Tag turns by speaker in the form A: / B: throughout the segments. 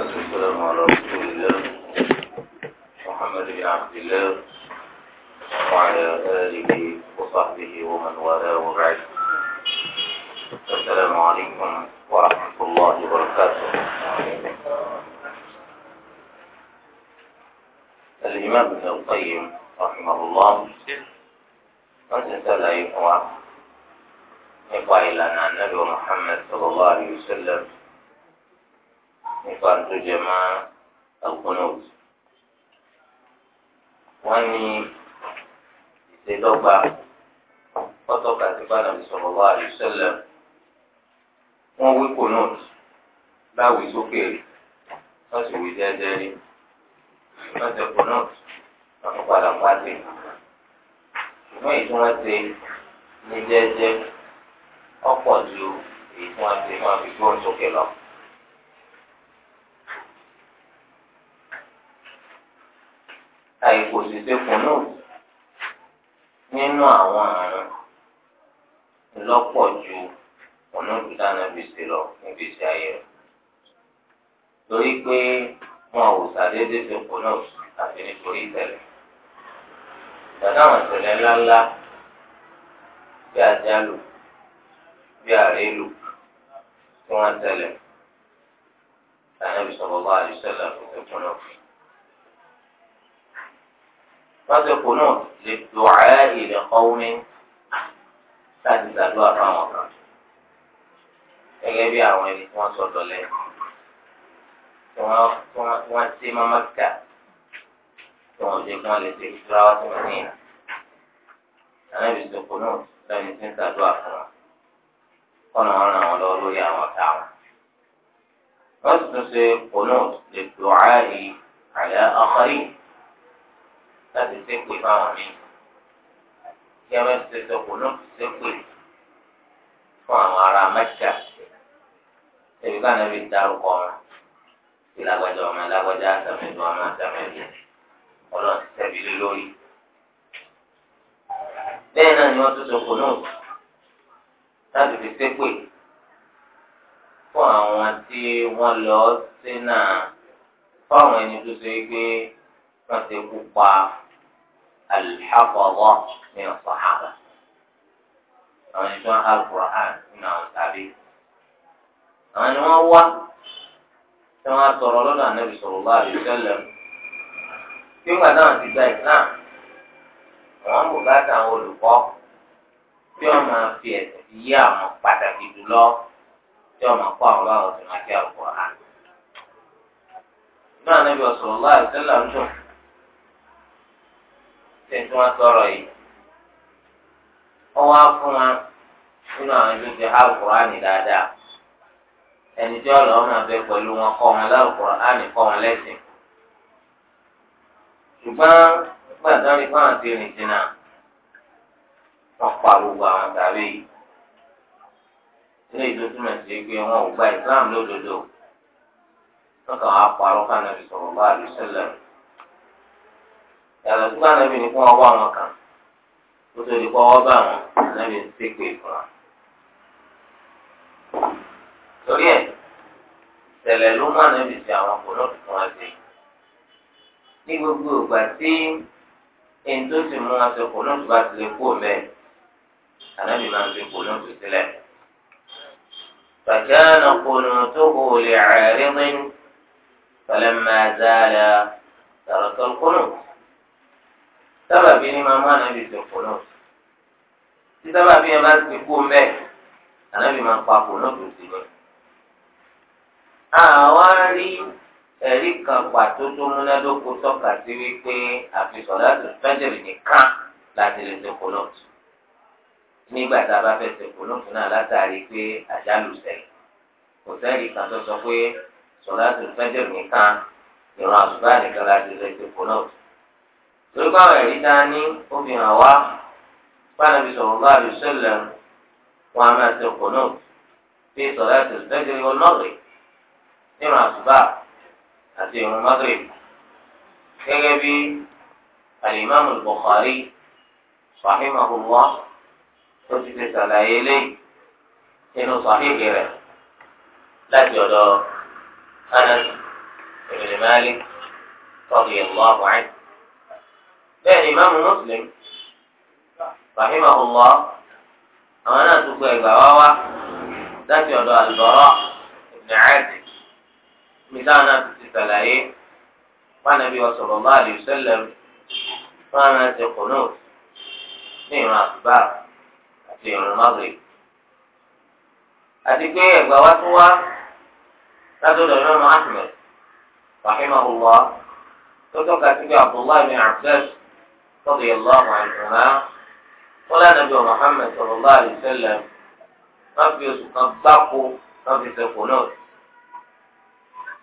A: والصلاة والسلام على رسول الله محمد بن عبد الله وعلى آله وصحبه ومن والاه وبعد السلام عليكم ورحمة الله وبركاته الإمام ابن القيم رحمه الله أنت سأل أيها nípa أن ànábì محمد صلى الله عليه وسلم nípa tó jẹ mọ́ àgbọnọt wọn ní ìṣèdọ́gba ọtọka tí bàdàn sọlọ wà àlùsẹlẹ wọn wí kònọt láwùí sókè wọn sì wí dẹdẹ rí wọn tẹ kònọt wọn padà pàdé ṣùgbọ́n èyí tí wọ́n ṣe ní jẹ́jẹ́ ọ̀pọ̀ ju èyí tí wọ́n ṣe máa fi gbọ́n sókè lọ. àìkò ṣiṣẹ́ kùnú nínú àwọn àrùn lọ́pọ̀ ju kùnú dáná bìsí lọ níbi ìṣe ayé rẹ̀ torí pé wọn ò ṣàdédé ṣe kùnú àfi nítorí ìtẹ̀lé dàdá àwọn ìṣẹ̀lẹ̀ ńláńlá bí àjálù bí àrélu tí wọ́n tẹ̀lé. النبي صلى الله عليه وسلم في القنوت fásitì kùnú lè dùn ààyè ilẹ̀ kọ́wọ́mí láti ṣàdúrà fáwọn kan gẹ́gẹ́ bí àwọn ẹni tí wọ́n sọ̀dọ̀ lẹ́yìn tí wọ́n ti máa máa tí wọ́n jẹ́ kí wọ́n lè ṣe ìṣúra wá sí wọn ní ìlà. Ànábì sọ̀kò náà lẹ́yìn tí ń ṣàdúrà fún wọn. Kọ́nà wọn ràn wọ́n lọ lórí àwọn ọ̀tá wọn. Wọ́n sì tún ṣe kò náà lè dùn ààyè àyà ọkọ̀ yìí láti ṣépè fáwọn míì kí ẹ má ti ṣe sọkò náà ti ṣépè fún àwọn ará mẹ́ta ẹbí káwọn ẹbí dárúkọ wọn sí lágbájá ọmọ lágbájá àtàmẹdùn ọmọ àtàmẹdùn Ọlọ́run ti tẹbi lé lórí bẹ́ẹ̀ náà ni wọn tún sọkò náà láti fi ṣépè fún àwọn tí wọn lọ sínú fáwọn ẹni tó ṣe é gbé wọ́n ti kú pa alḥafọ́wọ́ ní ọ̀sọ̀hábà àwọn ẹni tó ń ha Qur'an nínú àwọn tàbí àwọn ẹni wọ́n wá tí wọ́n sọ̀rọ̀ lọ́dọ̀ ànábì sallallahu alaihi wasallam tí wọ́n náà ti gba Islam wọ́n bò láti àwọn olùkọ́ tí wọ́n máa fi ẹ̀sìn fi yé àwọn pàtàkì jùlọ tí wọ́n máa kó àwọn báwọn tó máa kí Al-Qur'an. náà ànábì sallallahu alaihi wasallam ń sọ̀rọ̀ tẹ̀sí wọn sọ̀rọ̀ yìí ọwọ́ fún wa nínú àwọn ẹni tó ti há alukur'ani dáadáa ẹni tí ọ̀lọ́ ọmọ abẹ pẹ̀lú wọn kọ́ wọn lálukur'ani kọ́ wọn lẹ́sìn ṣùgbọ́n gbàdá rí fáwọn ti rìn jìnnà pa gbogbo àwọn tàbí yìí ilé wọn ò gba ìsìlámù yàtọ̀ sí bá nàbì ní kí wọ́n wá wọn kàn kó tó di kó wọ́n bá wọn nàbì ń ṣépè fún wa. torí ẹ̀ tẹ́lẹ̀ ló mú ànábì sí àwọn kòló tuntun wa ní gbogbo ìgbà tí ẹni tó sì mú aṣọ kòló tó bá ti lè kó mẹ́ máa ń fi kòló tó sílẹ̀. فكان قنوته لعارض فلما زال ترك القنوت sábàbí ni màmú ànábì tó kò náà tí sábàbí yẹn bá ti kú mbẹ ànábì máa pa kò náà tó sí ni. àwa rí ẹ̀rí kan pàtó tó múnádóko tọ́ka sí wípé àfihàn láti fẹ́jẹ̀rì nìkan láti lè tó kò náà tó nígbà tá a bá fẹ́ tó kò náà tó náà látàrí pé àjálù sẹ́yìn kò sẹ́ẹ̀rì kan tó sọ pé sọ̀rọ̀ láti fẹ́jẹ̀rì nìkan ìran àṣùbá nìkan láti lè tó kò náà tó torí báwọn ẹ̀rí dání ó fi hàn wá bánàbí sallallahu alaihi wasallam wọn a máa ṣe kùnú bí sọ̀rọ̀ àti ìfẹ́jọ́ yóò nọ̀rẹ̀ nínú àsùbá àti ìrun Maghrib gẹ́gẹ́ bí alimami Bukhari rahimahullah ó ti fi sàlàyé lẹ́yìn nínú sàhíhì rẹ̀ láti ọ̀dọ̀ Anas ibn Malik radiyallahu anhu bẹ́ẹ̀ ni ìmáàmù Muslim rahimahullah àwọn náà tún gbọ́ ẹgbàá wá wá láti ọ̀dọ̀ àlùbọ́rọ̀ ibn Azib mi táwọn náà ti ti sàlàyé pànàbí sallallahu alaihi wasallam wọn máa ti kùnú ní ìrun àsùbá àti ìrun Maghrib àti pé ẹgbàá wá tún wá látọ̀dọ̀ ìmáàmù Ahmad rahimahullah tó tọ́ka sí pé Abdullahi bin Abbas. رضي الله عنهما ولا نبي محمد صلى الله عليه وسلم ربي صدقوا ربي سكنوت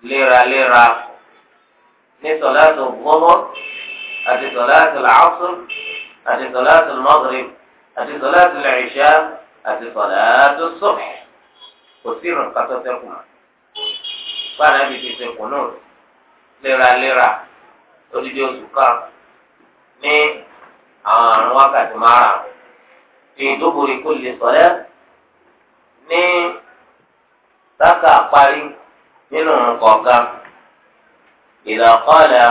A: ليرا ليرا ní sọláàtì ọgbọ́nọ́ àti sọláàtì làásùn àti sọláàtì mọ́gìrì àti sọláàtì lẹ́ẹ̀ṣá àti sọláàtì sọ́ọ̀bì kò sí ìrùn kátó sẹ́kùn mọ́. báyìí náà bìí ti sẹ́kùn náà léraléra odidi oṣù kan ní àwọn àrùn wákàtí márùn fi duburi kulli salat ní sáka parí nínú kọ̀ọ̀kan idha qala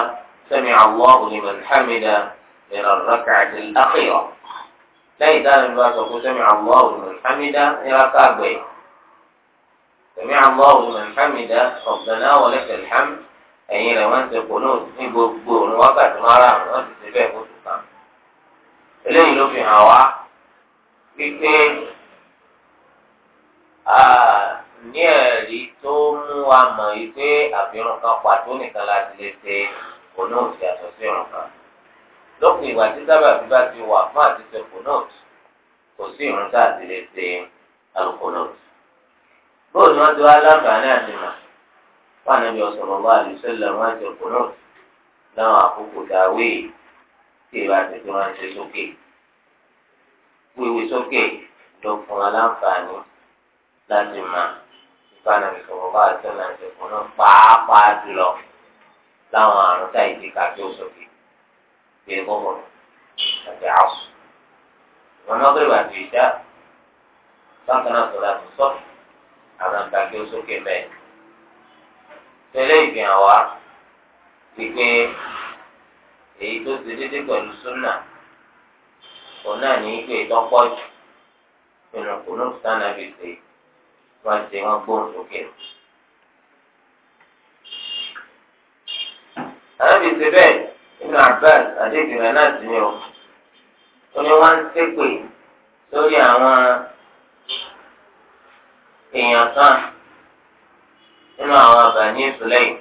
A: sami'a Allahu liman hamida min ar-rak'ati al-akhirah lẹ́yìn dáhùn bá sọ pé sami'a Allahu liman hamida nira káàgbẹ́ sami'a Allahu liman hamida rabbana wa lakal hamd ẹ̀yìn rẹ̀ wọ́n ti kò náà ní gbogbo òun wákàtí mara àrùn wọ́n ti ti bẹ́ẹ̀ kó tù kàn. eléyìí ló fi hàn wá wípé a ní ẹ̀rí tó mú wa mọ̀ yìí pé àfihàn kan pàtó nìkan láti lè ṣe òun náà ti àtọ̀ sí ọ̀rùn kan. lópin ìgbà tí sábàbí bá ti wà fún àti ṣe kò náà kò sí ìrún tá a ti lè ṣe alùpùpù náà. bóòlù wọn ti wá láǹfààní àti màá wọn àná bí ọsọrọ bá àdìsẹlẹ wọn àti ọkùnrin náà àkókò dàwé tí ìwà tètè wọn ṣe sókè wíwí sókè ló fún aláǹfààní láti mà nípa àná bí ọsọrọ bá àdìsẹlẹ àti ọkùnrin pàápàá jùlọ láwọn àrùn táyì ti kà tó sókè bí ẹgbọgbọ àti àṣù wọn náà bẹ̀rẹ̀ àti ìdá bákan náà sọ̀rọ̀ àti sọ àwọn àgbàgbé sókè mẹ́rin. tẹ́lẹ̀ ìfihàn wa wípé èyí tó ti dédé pẹ̀lú súnà òun náà ní pé ìtọ́pọ̀ jù nínú kùnú sànàbì pé wọ́n ti wọ́n gbóhùn sókè. ànábì ti bẹ́ẹ̀ nínú Abbas náà ti nínú àwọn àbàní ìsúlẹ̀yìn.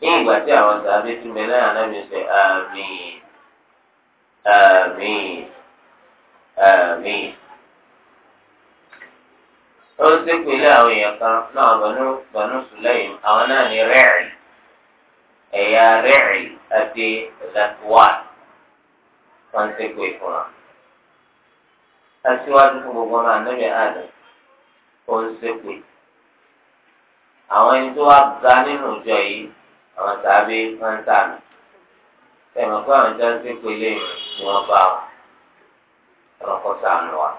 A: ní ìgbà tí àwọn sàbí ti mẹ́lẹ́ ànábi ṣe àmín àmín àmín.
B: ó ń sèpèlé àwọn èèyàn kan náà bọ̀nú bọ̀nú sùlẹ̀yìn àwọn náà ní rẹ́ẹ̀rì
A: ẹ̀yà rẹ́ẹ̀rì àti ẹ̀dá wọ́n ń fún wa aṣíwájú fún gbogbo ọmọ ànábì àdé ó ń ṣépè àwọn ẹni tó wá ga nínú ìjọ yìí àwọn tàbí wọn ń tà mí tẹmọ pé àwọn ìjọ ń ṣépè lẹ́yìn tí wọn bá wọn ẹranko sànù wa.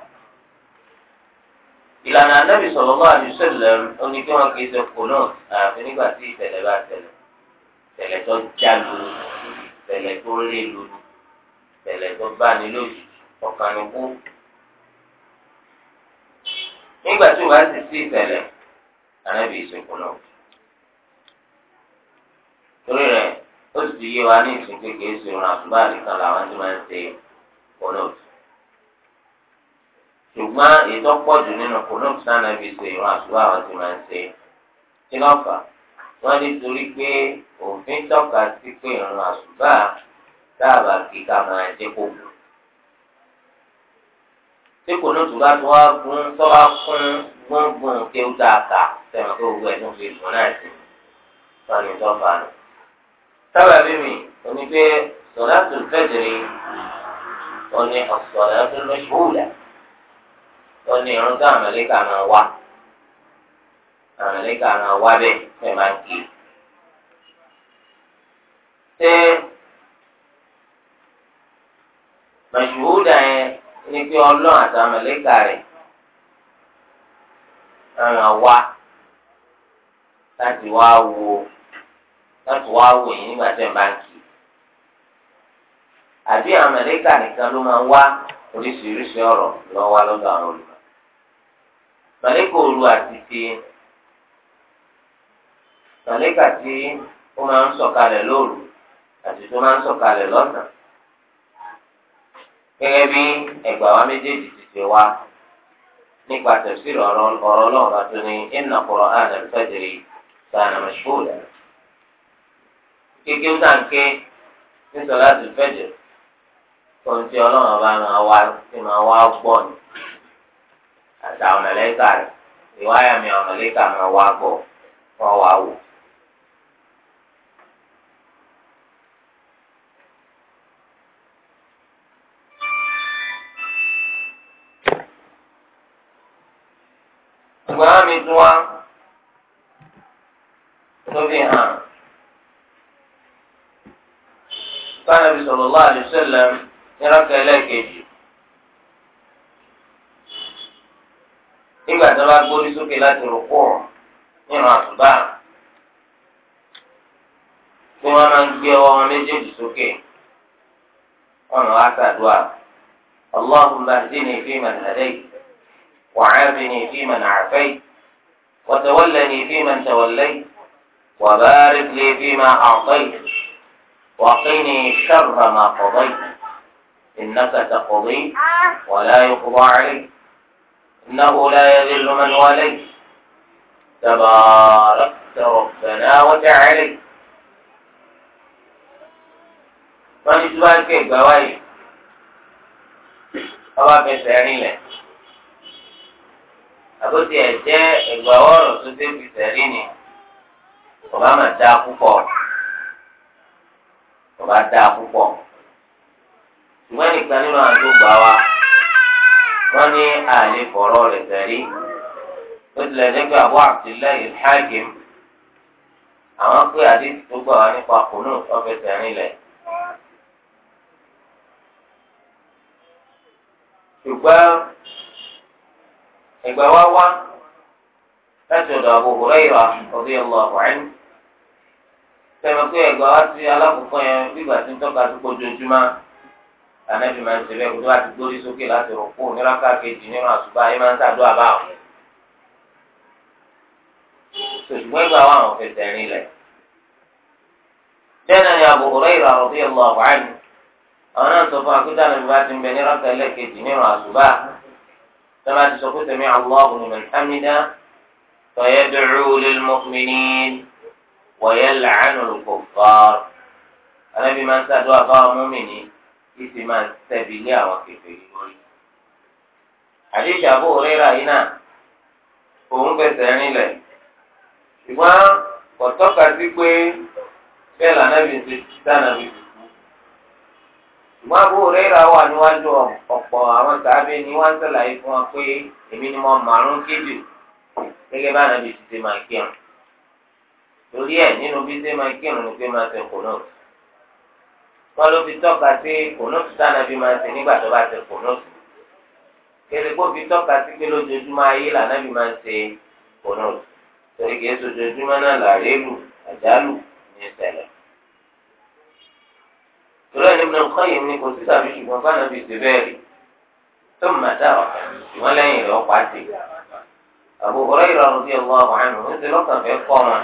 A: ìlànà ànábì sallallahu alaihi wasallam oní kí wọn kì í ṣe kò náà àyàfi nígbà tí ìṣẹ̀lẹ̀ bá ṣẹlẹ̀ ìṣẹ̀lẹ̀ tó jálu ìṣẹ̀lẹ̀ tó rí lulu ìṣẹ̀lẹ̀ tó bá ní lójijì ọkàn ní kú nígbà tí wàá sì sí ìṣẹ̀lẹ̀ ànábì ìṣòkò náà torí rẹ̀ ó sì ti yé wa ní ìsìn kékeré sí ìrun àtúbà nìkan làwọn tí máa ń ṣe kònóòtù ṣùgbọ́n ètò pọ̀jù nínú kònóòtù sànàbì ṣe ìrun àtúbà àwọn tí máa ń ṣe kí ló fà wọ́n ní torí pé òfin tọ́ka sí pé ìrun àtúbà dáàbà kíkà máa jẹ́ kókò tí ní tùbá tó wá gún tó wá kún gbọ̀ngbọ̀n kí ó dáa kà sẹ́wọ̀n kó gbogbo ẹ̀dùn fi mọ́ náà sí sọ́ni tó fà á. sábàbí mi òní pé sọ̀láàtù fẹ́jìrì òní ọ̀sọ̀láàtù lọ́ṣọ́ọ̀lá òní irun tó àmàlẹ́kà máa wá àmàlẹ́kà máa wá bẹ́ẹ̀ fẹ́ máa ń kí. ṣé màṣúhùdà yẹn. ní pé ọlọ́run àtàmọ̀lẹ́kà rẹ̀ ràn wá láti wá wo láti wá wò banki. nígbà tẹ̀ ń bá ń kí. àbí àmọ̀lẹ́kà nìkan ló máa wá oríṣiríṣi ọ̀rọ̀ ló wá lọ́dọ̀ àwọn olùkọ́. òru àti ti mọ̀lẹ́kà tí ó máa ń sọ̀kalẹ̀ lóru àti tó máa ń sọ̀kalẹ̀ gẹ́gẹ́ bí ẹgbà wa méjèèjì ti ṣe wá nípa tafsir ọ̀rọ̀ ọlọ́run bá tún ní inna Qur'an al-fajri kana mashhuda. kékeré sànké ní salatul fajr ohun tí ọlọ́run wá sí ni àtàwọn ìwáyà mi àwọn mẹ̀lẹ́kà máa wá gbọ́ wá sáré tí wọ́n tó fi hàn. Báyọ̀ bí sallallahu alaihi wasallam nírọ̀kẹ́ ẹlẹ́ẹ̀kejì. Nígbà tí wọ́n bá gbórí sókè láti rò pọ̀ nínú àtúbà tí wọ́n máa ń gbé ọwọ́ wọn méjèèjì sókè àtàdúrà. اللهم اهدني فيمن هديت وعافني فيمن عافيت وتولني فيمن توليت وبارك لي فيما أعطيت وقني شر ما قضيت إنك تقضي ولا يقضى عليك إنه لا يذل من وليت تباركت ربنا وتعالي wọ́n ti tún bá ń ké ìgbà àbótí ẹ̀ jẹ́ ẹ̀gbà ọ̀rọ̀ tó dé fi tẹ̀lé ni ọba mà dá púpọ̀ ọba dá púpọ̀ ṣùgbọ́n nìkan nínú àwọn tó gbà wá wọ́n ní àlè fọ̀rọ̀ rẹ̀ tẹ̀lé ó tilẹ̀ jẹ́ pé àbọ̀ Abdullah al àwọn pé àdéhùn tó gbà wá nípa kùnú ọ̀fẹ́ tẹ̀lé lẹ̀. ṣùgbọ́n ìgbà wá wá láti ọ̀dọ̀ Abu Hurairah radiyallahu anhu tẹ̀wọ́n pé ẹ̀gbọ́n wá sí alákòókò yẹn bíbà tí ń tọ́ka tó kojoojúmọ́ ànábì máa ń ṣẹlẹ̀ kó tó bá ti gbórí sókè láti rò kó níláka kejì nínú àṣùbà yẹn máa ń ṣàdúrà báwọn. ṣùgbọ́n ẹgbẹ́ àwọn àwọn fẹsẹ̀ rìn lẹ̀. bẹ́ẹ̀ náà ni Abu Hurairah radiyallahu anhu àwọn náà sọ fún akúndàlẹ́bí tọ́lá ti sọ pé sami Allahu liman hamidah fayad'u lilmu'minin wa yal'anu al-kuffar alábi máa ń sàdúrà fáwọn mọ́mìnì kí sì máa tẹ̀bi ní àwọn kẹfẹ́ lórí. àdéhùn àbò rírà yìí náà òun fẹsẹ̀ rinlẹ̀ ṣùgbọ́n kò tọ́ka sí pé bẹ́ẹ̀ lànà bí ti dáná bí ti ìmọ̀ àbúrò rẹ́ra wà níwájú ọ̀pọ̀ àwọn sàábẹ́ ni wọ́n ń sàlàyé fún wa pé èmi ni mo màrún kéjù gẹ́gẹ́ bá nàbì ti máa kírun torí ẹ̀ nínú bí ṣe máa kírun ni pé máa ṣe kònóòtù wọ́n ló fi tọ́ka sí kònóòtù tánàbí máa ṣe nígbà tó bá ṣe kònóòtù kẹsìkò fi tọ́ka sí pé lójoojúmọ́ ayé lànàbí máa ń ṣe kònóòtù torí kìí ṣojoojúmọ́ náà làrẹ́lù àjálù ní ìṣẹ̀lẹ̀ ìrọ̀lẹ́ Ibn al-Qayyim ní kò sí tàbí ṣùgbọ́n fáànà bíi ti bẹ́ẹ̀ rí tó mà dáwà ṣùgbọ́n lẹ́yìn rẹ̀ ọ̀pá ti. Abu Hurairah radiyallahu anhu ń ti lọ́kàn fẹ́ kọ́ wọn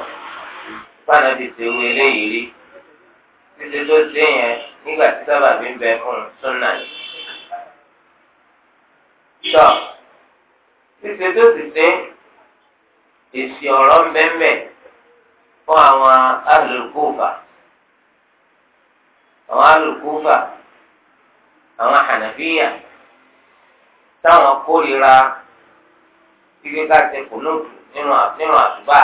A: fáànà bíi ti wú eléyìí rí títí tó dé yẹn nígbà tí sábàbí ń bẹ fún súnà yìí. sọ títí tó ti dé èsì ọ̀rọ̀ ń bẹ́ẹ̀ fún àwọn ahlul àwọn alùkúfà àwọn hànàfíà táwọn kórìíra kíkẹ́ ká ṣe kùnúùtù nínú nínú àṣùbà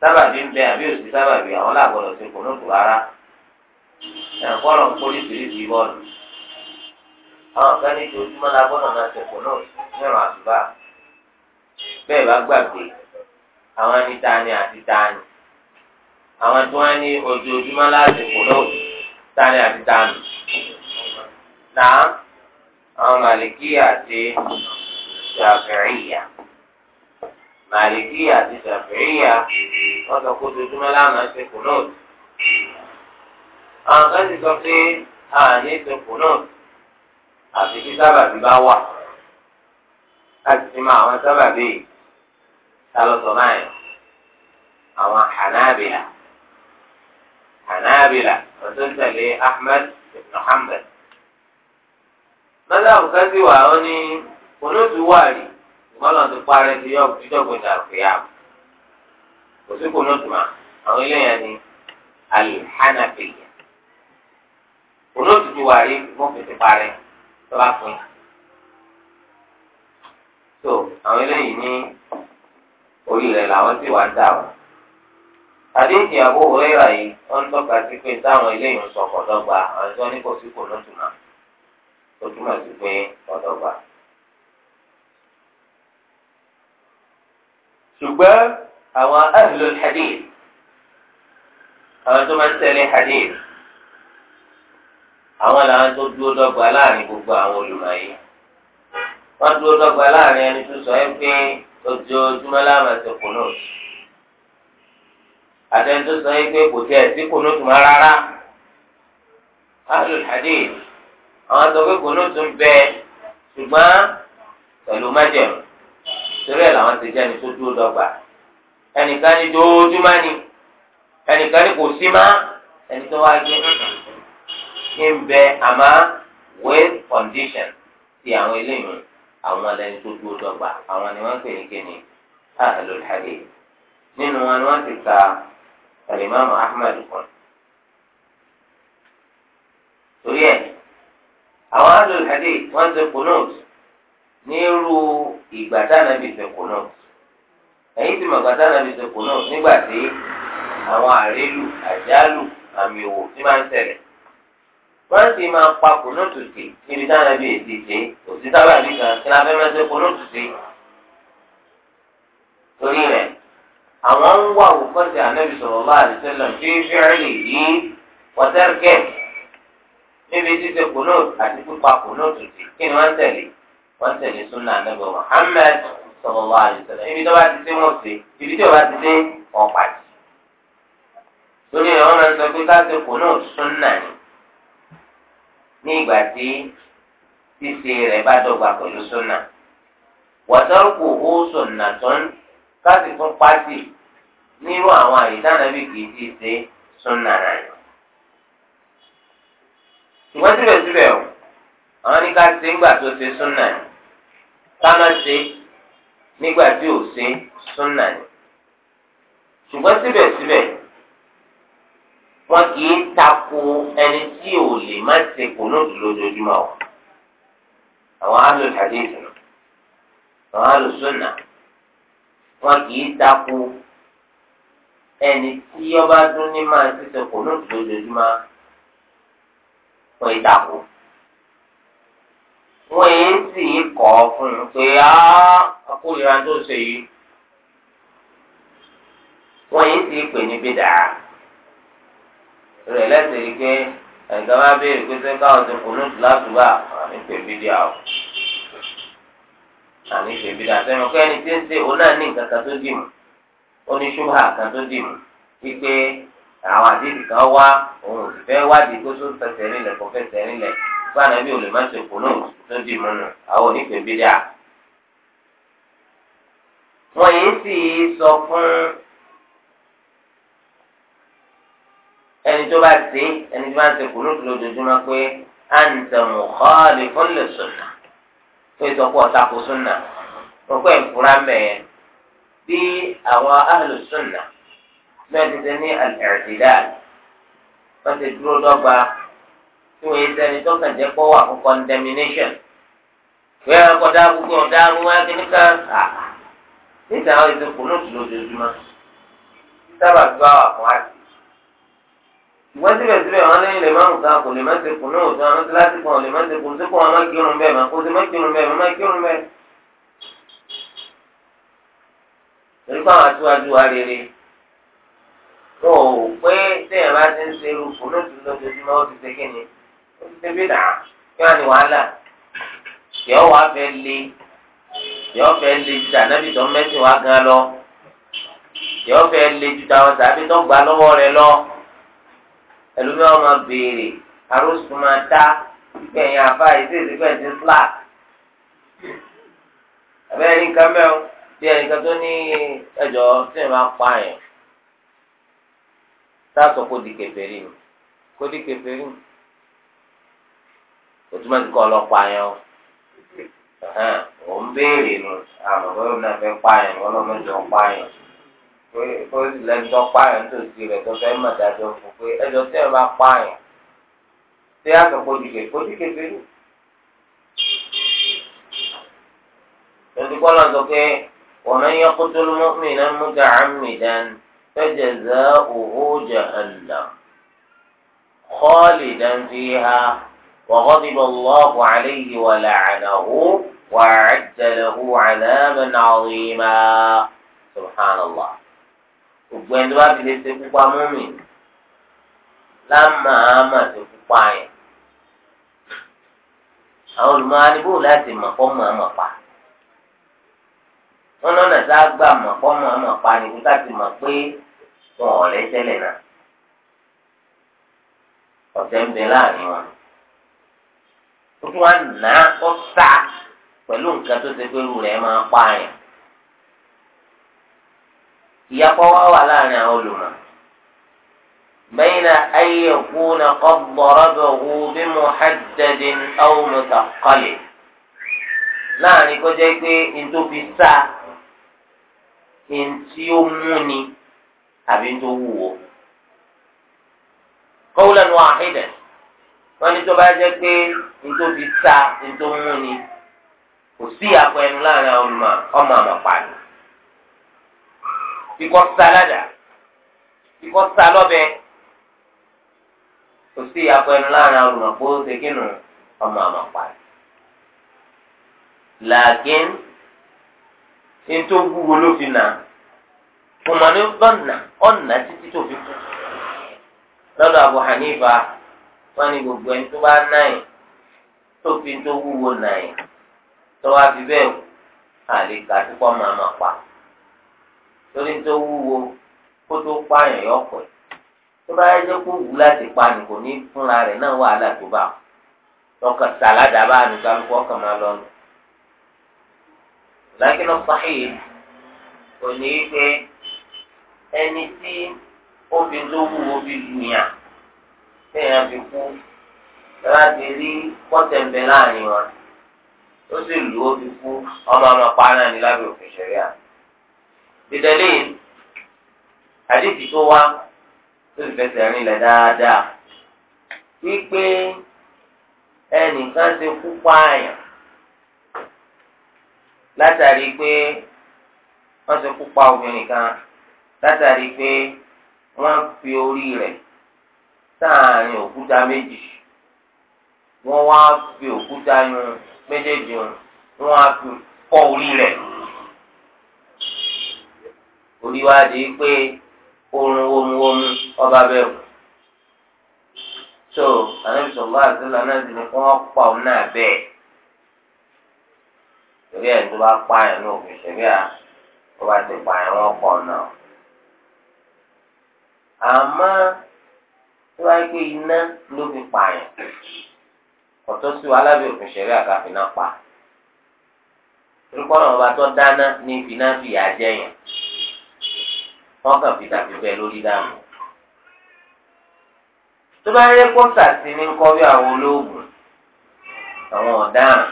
A: sábàbí ń bẹ àbí òsì sábàbí àwọn làgbọ̀dọ̀ ṣe kùnúùtù rárá ẹ̀kọ́ lọ kórìí tìrìtì bọ́ọ̀lù àwọn kan ní ojoojúmọ́ la gbọ́dọ̀ máa ṣe kùnúùtù nínú àṣùbà bẹ́ẹ̀ bá gbàgbé àwọn ẹni tani àti tani àwọn tí ní tani àti tani náà àwọn màlìkíyà àti ṣàfìríyà màlìkíyà àti ṣàfìríyà wọn sọ pé ojoojúmọ́ lánàá ṣe kù náà àwọn kan sì sọ pé àní ṣe kù náà àfi sábàbí bá wà láti fi máa àwọn sábàbí ta ló àwọn hànábìlà hànábìlà. وتنتهي أحمد بن حنبل mọ́tò àbùkátì wà ó ní kònóòtù wà rí ìmọ̀lọ́ ti parẹ́ ti yọ dídọ́gbìn dàrúkìá kò sí kònóòtù mà àwọn eléyàn ni alhanafiya kònóòtù ti wà rí wọ́n fi ti parẹ́ tó bá pín so àwọn eléyìí ní
B: orí rẹ̀ làwọn ti wà
A: ń dà wọ́n àdéhùn Abu Huraira yìí wọ́n tọ́ka sí pé táwọn eléyìí ń sọ kọ̀dọ́gba àwọn tí wọ́n ní kò sí kò lọ́tùmọ̀ tó túmọ̀ sí pé kọ̀dọ́gba. ṣùgbọ́n àwọn ahlul hadith àwọn tó máa ń tẹ̀lé hadith àwọn làwọn tó dúró dọ́gba láàrin gbogbo àwọn olùmọ̀ yìí wọ́n dúró dọ́gba láàrin ẹni tó sọ ẹ́ pé ojoojúmọ́ láwọn ti kùnú àtẹnudó sọ yìí pé kò tiẹ̀ sí kùnúùtù mọ́ rárá ahlul hadith àwọn sọ pé kùnúùtù ń bẹ ṣùgbọ́n pẹ̀lú májẹ̀mú torí ẹ̀ làwọn ti jẹ́ni tó dúró dọ́gba ẹnìkan ní dóójúmá ni ẹnìkan ní kò sí má ẹni tó wá gbé ń bẹ àmọ́ with condition ti àwọn eléyìí àwọn ẹlẹ́ni tó dúró dọ́gba àwọn ni wọ́n ń pè ní kíni ahlul hadith nínú wọn ni wọ́n ti ka. alimami ahmed kan torí ẹ àwọn adùn ìhàdí wọn ti kunut ní irú ìgbà tánàbì ti kunut ẹ̀yin ti mọ̀gbà tánàbì ti kunut nígbà tí àwọn àrélù àjálù àmì òwò tí máa ń tẹ̀lé wọ́n sì máa pa na tì níbi tánàbì èsì àwọn ń wá si ànábì sallallahu alaihi wasallam tí ń fẹ́rẹ̀ lè yí wọ́tẹ́rẹ́kẹ́ níbi títẹ kùnóòtù àti pípa kùnóòtù sí kí ni wọ́n tẹ̀lé wọ́n tẹ̀lé súnà ànábì Muhammad sallallahu alaihi wasallam ibi tó bá ti dé wọ́n sí ibi tó bá ti dé lórí ẹ̀ wọ́n máa ń sọ pé káṣí kùnóòtù súnà ni ní ìgbà tí káàsì tún pàṣẹ nírú àwọn àyè tánàbí kì í ti ṣe súnà ṣùgbọ́n síbẹ̀síbẹ̀ o àwọn ní ká ṣe ńgbà tó ṣe súnà ni ká má ṣe nígbà tí ò ṣe súnà ni. ṣùgbọ́n síbẹ̀síbẹ̀ wọn kì í tako ẹni tí ò lè má ṣe kò o. àwọn alùpàdé àwọn wọn kì í dako ẹni tí ọba dún ní máa ṣiṣẹ́ kò ní lójoojúmọ́ wọn yìí dako wọn yìí sì yìí kọ́ fún un pé á akórira tó ṣe yìí wọn yìí sì pè ní bídà rẹ lẹsẹ rí pé ẹgbẹ́ wa béèrè pé sẹkáwọn ti kò ní láti bá àmì pè bídà o àmì ṣe bí dàtẹ́ ẹ̀rọ pé ẹni tí ń ṣe òun náà ní nǹkan kan tó dì mú ó ní ṣúbà kan tó dì mú wípé àwọn àdéhùn kan wá òun ò sì fẹ́ wádìí kó tó fẹsẹ̀ nílẹ̀ kó fẹsẹ̀ nílẹ̀ fúnà bí olè má ṣe kùnú tó dì mú nù àwọn onífẹ̀ẹ́ dà. wọ́n yìí sì sọ fún ẹni tó bá ṣe ẹni tó bá ṣe kùnú tó lójoojúmọ́ pé à ń tẹ̀wọ̀n kọ́ ọ́ lè fún lè sọ̀tàn tó yẹ sọpọ ọtakò súnà ọgbẹ nkura mẹyẹ bí àwọn ahlu súnà náà ti ṣe ní àlẹrìndínlá wọn ti dúró dọ́gba tí wọn yẹ sẹni tó kàn jẹ pọ wà fún condemnation wọn yẹ kọ dáàbò kí wọn dáàbò wọn kí nìkan níta wọn yẹ lóṣù lójoojúmọ́ sábà gbá wà àti ṣùgbọ́n síbẹ̀síbẹ̀ wọn lẹ́yìn lè máa ń ta kò lè má ṣe kùnú òtún àwọn kíláàsì kan lè má ṣe kùnú sí kó wọn má kírun bẹ́ẹ̀ má kó sí má kírun bẹ́ẹ̀ má kírun bẹ́ẹ̀. torí pé àwọn aṣáájú wa rere tó o pé téèyàn bá ti ń ṣe irú kùnú tó lójoojúmọ́ ó ti ṣe kí ni ó ti ṣe bí dà kí wọ́n ní wàhálà kí ọ wá fẹ́ le kí ọ fẹ́ le ju tànàbì tó mẹ́sìn wá gan lọ kí ọ fẹ́ le ju tàwọn tàbí tó gbà lọ́wọ́ rẹ lọ. ẹlòmí wọn máa béèrè àròsùn máa dá gbẹ̀yìn àbá ìṣèṣì pẹ̀sì slack abẹ́rẹ́ nǹkan mẹ́wọ́ bí ẹnìkan tó ní ẹjọ́ tí ìmọ̀ apá yẹn kó di kó di o túmọ̀ sí kọ́ ọlọ́pàá yẹn o ò béèrè nù náà fẹ́ pé ó lẹ́nu tó pààyàn tó ti rẹ̀ tó fẹ́ mọ̀ dájọ́ fún pé ẹjọ́ tí ẹ bá pààyàn ṣé àtọ̀pọ̀ jùlẹ̀ kó ti kéde ní. lọ́dí kọ́lá sọ pé wọ́n máa ń yọ kótó lọ́mọ́ mi náà mú ga àmì dání fẹ́jẹ̀ zẹ́ òhó jẹ̀ ẹ̀là kọ́ọ̀lì dáńtì ha wàhọ́dìbọ̀ lọ́ọ̀kù àlẹ́yìí wà làánàhó wà á jẹ̀lẹ̀hó àlẹ́ mẹ́nà ọ̀rìmà subhanallah gbogbo ẹni wá fi lè ṣe pupa múmi lámàámà ṣe pupa yẹn àwọn olùmọ̀ánibó láti mọ̀ fọ́ọ̀mù àmọ̀ pa wọn lọ́nà tá a gbà mọ̀ fọ́ọ̀mù àmọ̀ pa ni kíkà ti mọ̀ pé wọn ò lẹ́sẹ̀lẹ̀ náà ọ̀sẹ̀ ń bẹ láàrin wọn ó tún wá nà á tó sá pẹ̀lú nǹkan tó ṣe pé irú rẹ̀ máa pa yẹn. ìyapọ̀ wá wà láàrin àwọn olùmọ̀ bẹ́yìnà ayé kúnà kọ́bọ̀rọ́bẹ̀hu bí mo aw mutaqali láàrin kọjá pé ntòfi sá ntí ó múni àbí ntó wúwo qawlan wahidan wọ́n ní tó bá jẹ́ pé sá kò sí àpẹnu láàrin àwọn ọmọ kíkọ́ sáládà kíkọ́ sálọ́bẹ kò sí ìyàpọ̀ ẹnu láàrin àrùnmọ̀ pé ó ṣe kínú ọmọ àmọ̀ parí. làákín ntó wúwo ló fi nà kùmọ̀nì lọ́nà ọ̀nà títí tó fi kú. lọ́dọ̀ Abu Hanifa wọ́n ní gbogbo ẹni tó bá torí tó wúwo kó tó pààyàn yọ pẹ̀ tó bá yẹ kó wù láti pààyàn kò ní fúnra rẹ̀ náà wàhálà tó bá lọ́kàn sàládà bá ànúkálukú ọkàn máa lọ nù. lákínà pààyè kò ní í pé ẹni tí ó fi tó wúwo bí lùyàn fi kú láti rí kọ́tẹ̀ǹbẹ̀ láàrin wọn ó sì lù ó fi kú ọmọ ọmọ pa náà ní lábẹ́ òfin بدليل حديث شوى تلفت يعني لدادا wípé ẹnìkan ṣe kú pààyàn látàrí pé wọ́n ṣe kú pa obìnrin kan látàrí pé wọ́n fi orí rẹ̀ sáàárín òkúta méjì wọ́n wá fi òkúta yun méjèèjì yun wọ́n á fi fọ́ orí rẹ̀ orí wa di pé oorun womuwomu ọba bẹ̀rù so anabi sọlá àtúnlá náà ti ní kí wọn pa òun náà bẹ́ẹ̀ torí ẹ tó bá pààyàn ní òfin ṣẹlẹ̀ à tó bá ti pààyàn wọn pọ náà àmọ́ tó bá gbé iná ló fi pààyàn ọ̀tọ̀ sí wa lábẹ́ òfin ṣẹlẹ̀ àkàfin náà pa torí kọ́ ọ̀nà ọba tó dáná ní ìfínà fìyà jẹyàn wọn kàn fi tàbí bẹ lórí dànù tó bá yẹ kó sàtì ní kọ́ bí àwọn olóògùn àwọn ọ̀daràn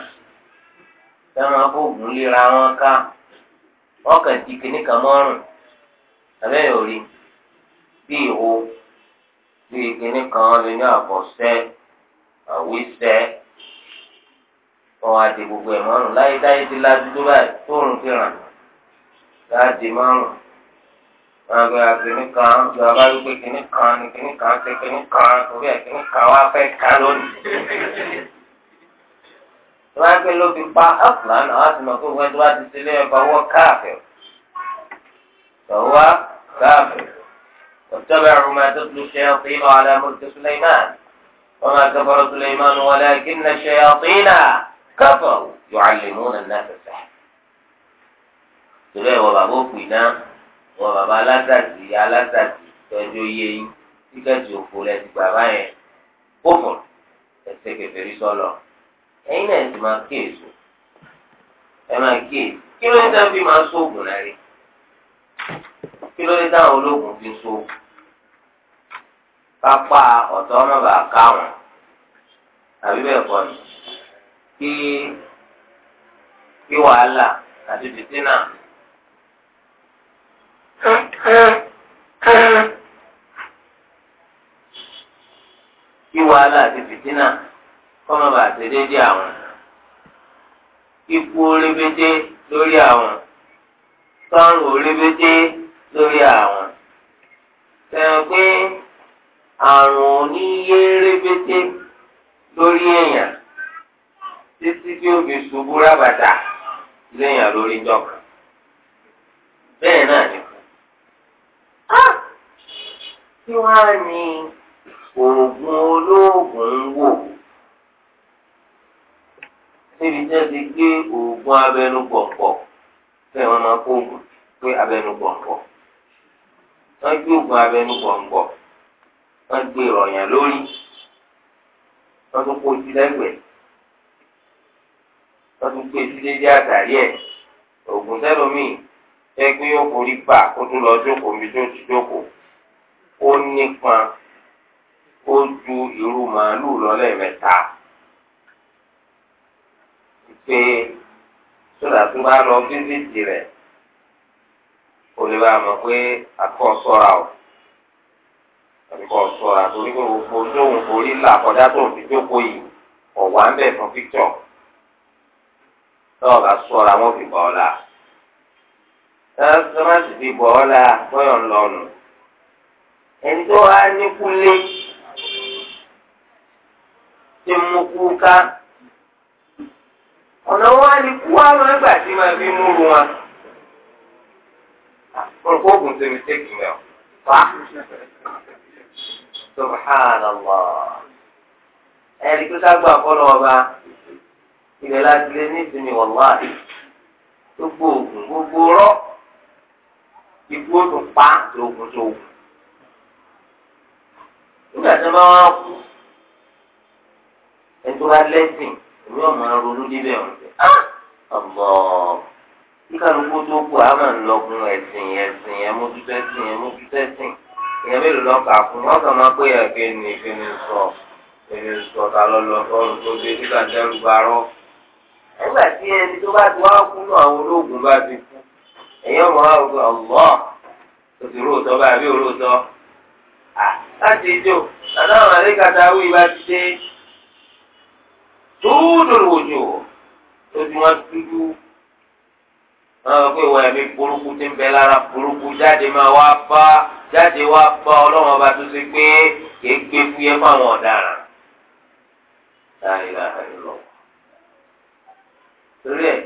A: tí wọn kó oògùn lera wọn ká wọn kàn di kíní kan mọ́rùn abẹ́rẹ́ òrí bí ìhó bí kíní kan lè ní àkọsẹ́ àwísẹ́ wọn á di gbogbo ẹ̀ mọ́rùn láyé táyé ti lajú tó báyìí tó rùn fi láti mọ́rùn. àgbẹ̀ àgbẹ̀ni kan bàbá wípé kìnní kan ní kìnní kan ṣe kìnní kan orí ẹ̀ kìnní kan wá fẹ́ ká lónìí. wọ́n á gbé ló fi pa afúlànà wọ́n á sì mọ̀ pé wọ́n ti wá ti sílé ẹ̀kọ́ wọ́ káàfẹ́. فهو كافر واتبعوا ما تتلو الشياطين على ملك سليمان وما كفر سليمان ولكن الشياطين كفروا يعلمون الناس السحر. تلاقي وبابوك وينام wọn bàbá alásàtì ìyá alásàtì tọjú oyè yín tíkẹ́ẹ̀tì òfò rẹ ti gbà báyẹn kófò ẹsẹ̀ kẹfẹ́rí sọlọ ẹ̀yin náà ti máa kíyèsí ẹ máa kíyèsí kí ló ń tẹ́ fi máa sóògùn náà rí kí ló ń táwọn ológun fi sóògùn kápá ọ̀tọ́ ọmọ bàá káwọn àbí bẹ́ẹ̀ kọ́ ni kí kí wàhálà àti fìtínà kí wàhálà àti fìtínà kọ́mọ bàá ṣe déédéé àwọn ikú rébété lórí àwọn sọ́run rébété lórí àwọn sẹ́wọ̀n pé àrùn oníyé rébété lórí èèyàn títí tí ó fi ṣubú rábàtà léèyàn lórí jọkàn bẹ́ẹ̀ náà kí wọ́n á ní oògùn olóògùn ń wò níbi tí wọ́n ti gbé oògùn abẹnugbọ̀npọ̀ bẹ́ẹ̀ wọ́n máa kó oògùn pé abẹnugbọ̀npọ̀ wọ́n gbé oògùn abẹnugbọ̀npọ̀ wọ́n gbé ìrọ̀yàn lórí wọ́n tún kó ojú lẹ́gbẹ̀ẹ́ wọ́n tún gbé ojú dédé àtàrí ẹ̀ oògùn sẹ́lómìn fẹ́ yóò forí gbà kó tún lọ jókòó níbi tó ti jókòó ó nípọn ó ju irú màálù lọ́lẹ̀ mẹ́ta pé sódà tó bá lọ fíjìtì rẹ̀ ó lè bá a mọ̀ pé akọ́ sọ́ra o àbí sọ́ra torí pé gbogbo tóun forí là kọjá tóun fi jókòó yìí ọ̀wá ń bẹ̀ fún píktọ̀ tọ́ọ̀ bá sọ́ra wọn fi bọ̀ ọ́ la tọ́ọ̀ bá sì fi bọ̀ ọ́ la tọ́yọ̀ ń ẹnitọ́ wa ní ti mú ọ na ọ̀nà wa ni kú wa máa gbà tí máa fi múru wọn. mi ṣéèkì mẹ́ o. Subhanallah. Ẹni ọba ilẹ̀ láti lé ní ìsinmi wàláhì. Gbogbo ògùn gbogbo rọ́. Ikú ó tún pa lóògùn tó wù. nígbà tí wọ́n wá kú ẹ̀tọ́ra lẹ́sìn èmi ò máa ronú débẹ̀ ọ̀hún ṣe ah! ọ̀bọ̀ kíkàlùkù tó kù á máa ń lọgun ẹ̀sìn ẹ̀sìn ẹ̀mójútó ẹ̀sìn ẹ̀mójútó ẹ̀sìn
B: èèyàn mélòó lọ́kà fún wọn kàn máa
A: pé sọ sọ ta tó dé nígbà tí tí ẹni tó bá ti wá kú náà àwọn olóògùn bá ti kú èèyàn láti ìjọ àná àwọn àlékàtà awé ibà ti dé dúdú òjò lójú wọn dúdú àwọn pé wọ́n ẹ̀mí burúkú ti ń bẹ lára burúkú jáde máa wá bá jáde wá bá ọlọ́run ọba tó ṣe pé kì í gbé fúyẹ́ fáwọn ọ̀daràn. torí ẹ̀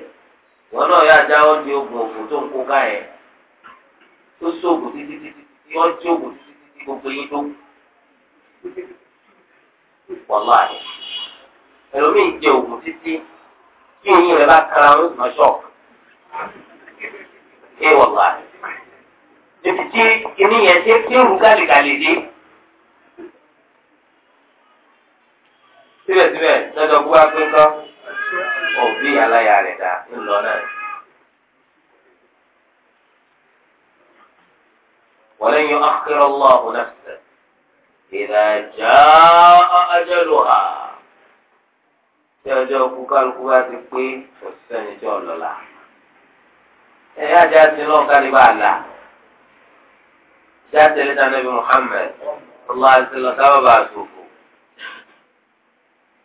A: wọn náà yá jáwọ́ di oògùn òfò tó ń kó ká yẹn tó sóògùn títí títí tí wọ́n tí títí títí gbogbo yín tó kù. wàlá yìí ẹlòmíì ń jẹ oògùn títí kí eyín rẹ bá kara ń nà ṣọ́ọ̀kù ẹ wàlá yìí níbi tí kìíní yẹn ṣe kí ń rú gàlìgàlì dé. síbẹ̀síbẹ̀ lọ́jọ́ búwa pé ńkọ́ òbí aláya rẹ̀ dá ńlọ náà. ولن يؤخر الله نفسه ìlà na ajaluha tí ọjọ́ kú kálukú bá ti pé kò sẹ́ni tí ẹ ẹ̀yà ajá ti lọ́ọ̀ kálíbà là já tẹ̀lé tán nàbí Muhammad ọlọ́wà ti lọ sábà bá a sòfò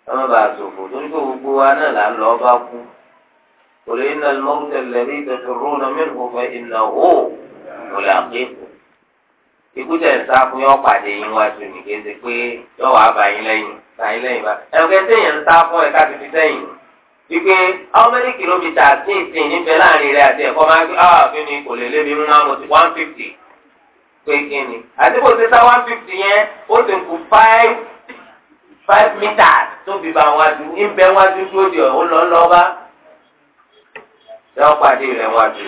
A: sábà bá a sòfò torí pé gbogbo wa náà là ń lọ bá kú ikú tẹ̀ ń sá fún yọ pàdé yín wájú ní kéde pé yọ wàá bá yín lẹ́yìn bá yín lẹ́yìn bá ẹ̀rọ̀kẹ́ sẹ́yìn ń sá fún ẹ̀ka ti fi sẹ́yìn wípé how many kilometers ní ìsìn níbẹ̀ láàrin rẹ̀ àti ẹ̀kọ́ máa ń gbé ah fi ni kò lè lébi mú máa mọ̀ sí one fifty pé kí ni àti kò sí sá one fifty yẹn ó ti kù five five meters tóbi bá wájú ń bẹ wájú dúró di ọ̀ ó lọ́ lọ́ bá yọ pàdé rẹ̀ wájú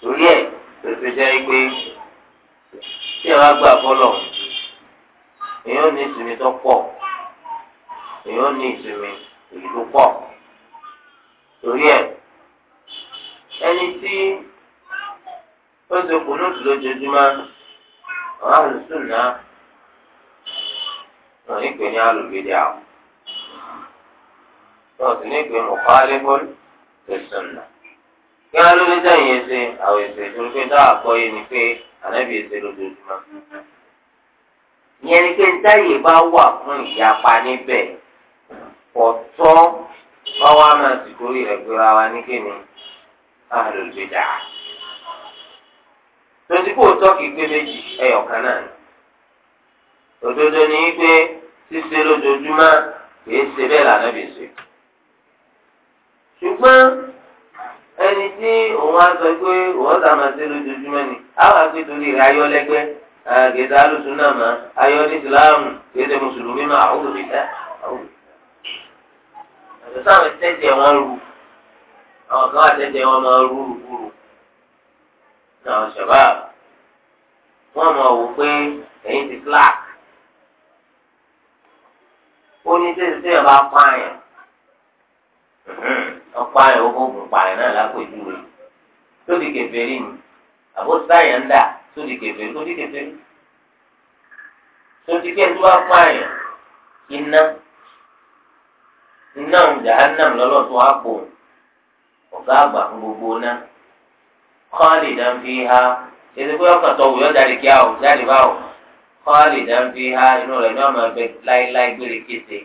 A: torí ẹ̀ tètè jẹ́ pé tí àwọn agbà fọlọ èyí ò ní ìsinmi tó pọ̀ èyí ò ní ìsinmi èyí tó pọ̀ torí ẹ ẹni tí ó ti kùnú lójoojúmọ́ àwọn àlùsùn náà wọn ní pè ní alùpùpù àwọn wọn sì ní pè mọ̀kọ́ alẹ́kọ́lù tẹ̀sán náà kí wọn sẹ́yìn ẹsẹ̀ àwọn ẹsẹ̀ tó ń pè kọ́ yé ni pé. ànábì èsè lójoojúmọ́. ìyẹn ni pé táyè bá wà fún ìyapa níbẹ̀ ọ̀tọ́ wá máa sì wa ní kíni àlòjìdá. tontí kò tọ́ kìí pé méjì ẹyọ kan náà ni. òdodo ni pé ṣíṣe lójoojúmọ́ kìí ṣe bẹ́ẹ̀ lànà bèsè. ṣùgbọ́n ẹni tí òun á sọ pé àwọn akéwìtòrí rẹ ayọ lẹgbẹ gèdè alùsùn náà mà ayọ ní ìsìláàmù gèdè mùsùlùmí mà àwùjọ mi dá àwùjọ. àti sáwọn tẹ́tẹ̀ wọn rú àwọn kan wà tẹ́tẹ̀ wọn máa rú rúkúrú náà ṣọ̀bá wọn máa wò pé ẹ̀yin ti flak ó ní tẹ́tẹ̀ tẹ́yẹ̀ bá pààyàn ọ̀pààyàn ó kó gùn pààyàn náà lápò ìdúró lóbi kẹfẹ́ rí ni àbó sáyẹn ń dà tó di kẹfẹ́rí tó di kẹfẹ́rí tó di kẹfẹ́rí tó bá pààyàn iná iná òǹjà ánàm lọ́lọ́ tó wá pò ọ̀gá àgbà fún gbogbo ná kọ́ọ̀lì dán fi ha ètò pé ọkàn tó wùyọ́ jáde kí a ò jáde bá ò kọ́ọ̀lì dán fi ha inú rẹ̀ ní ọmọ ẹgbẹ́ láéláé gbére kése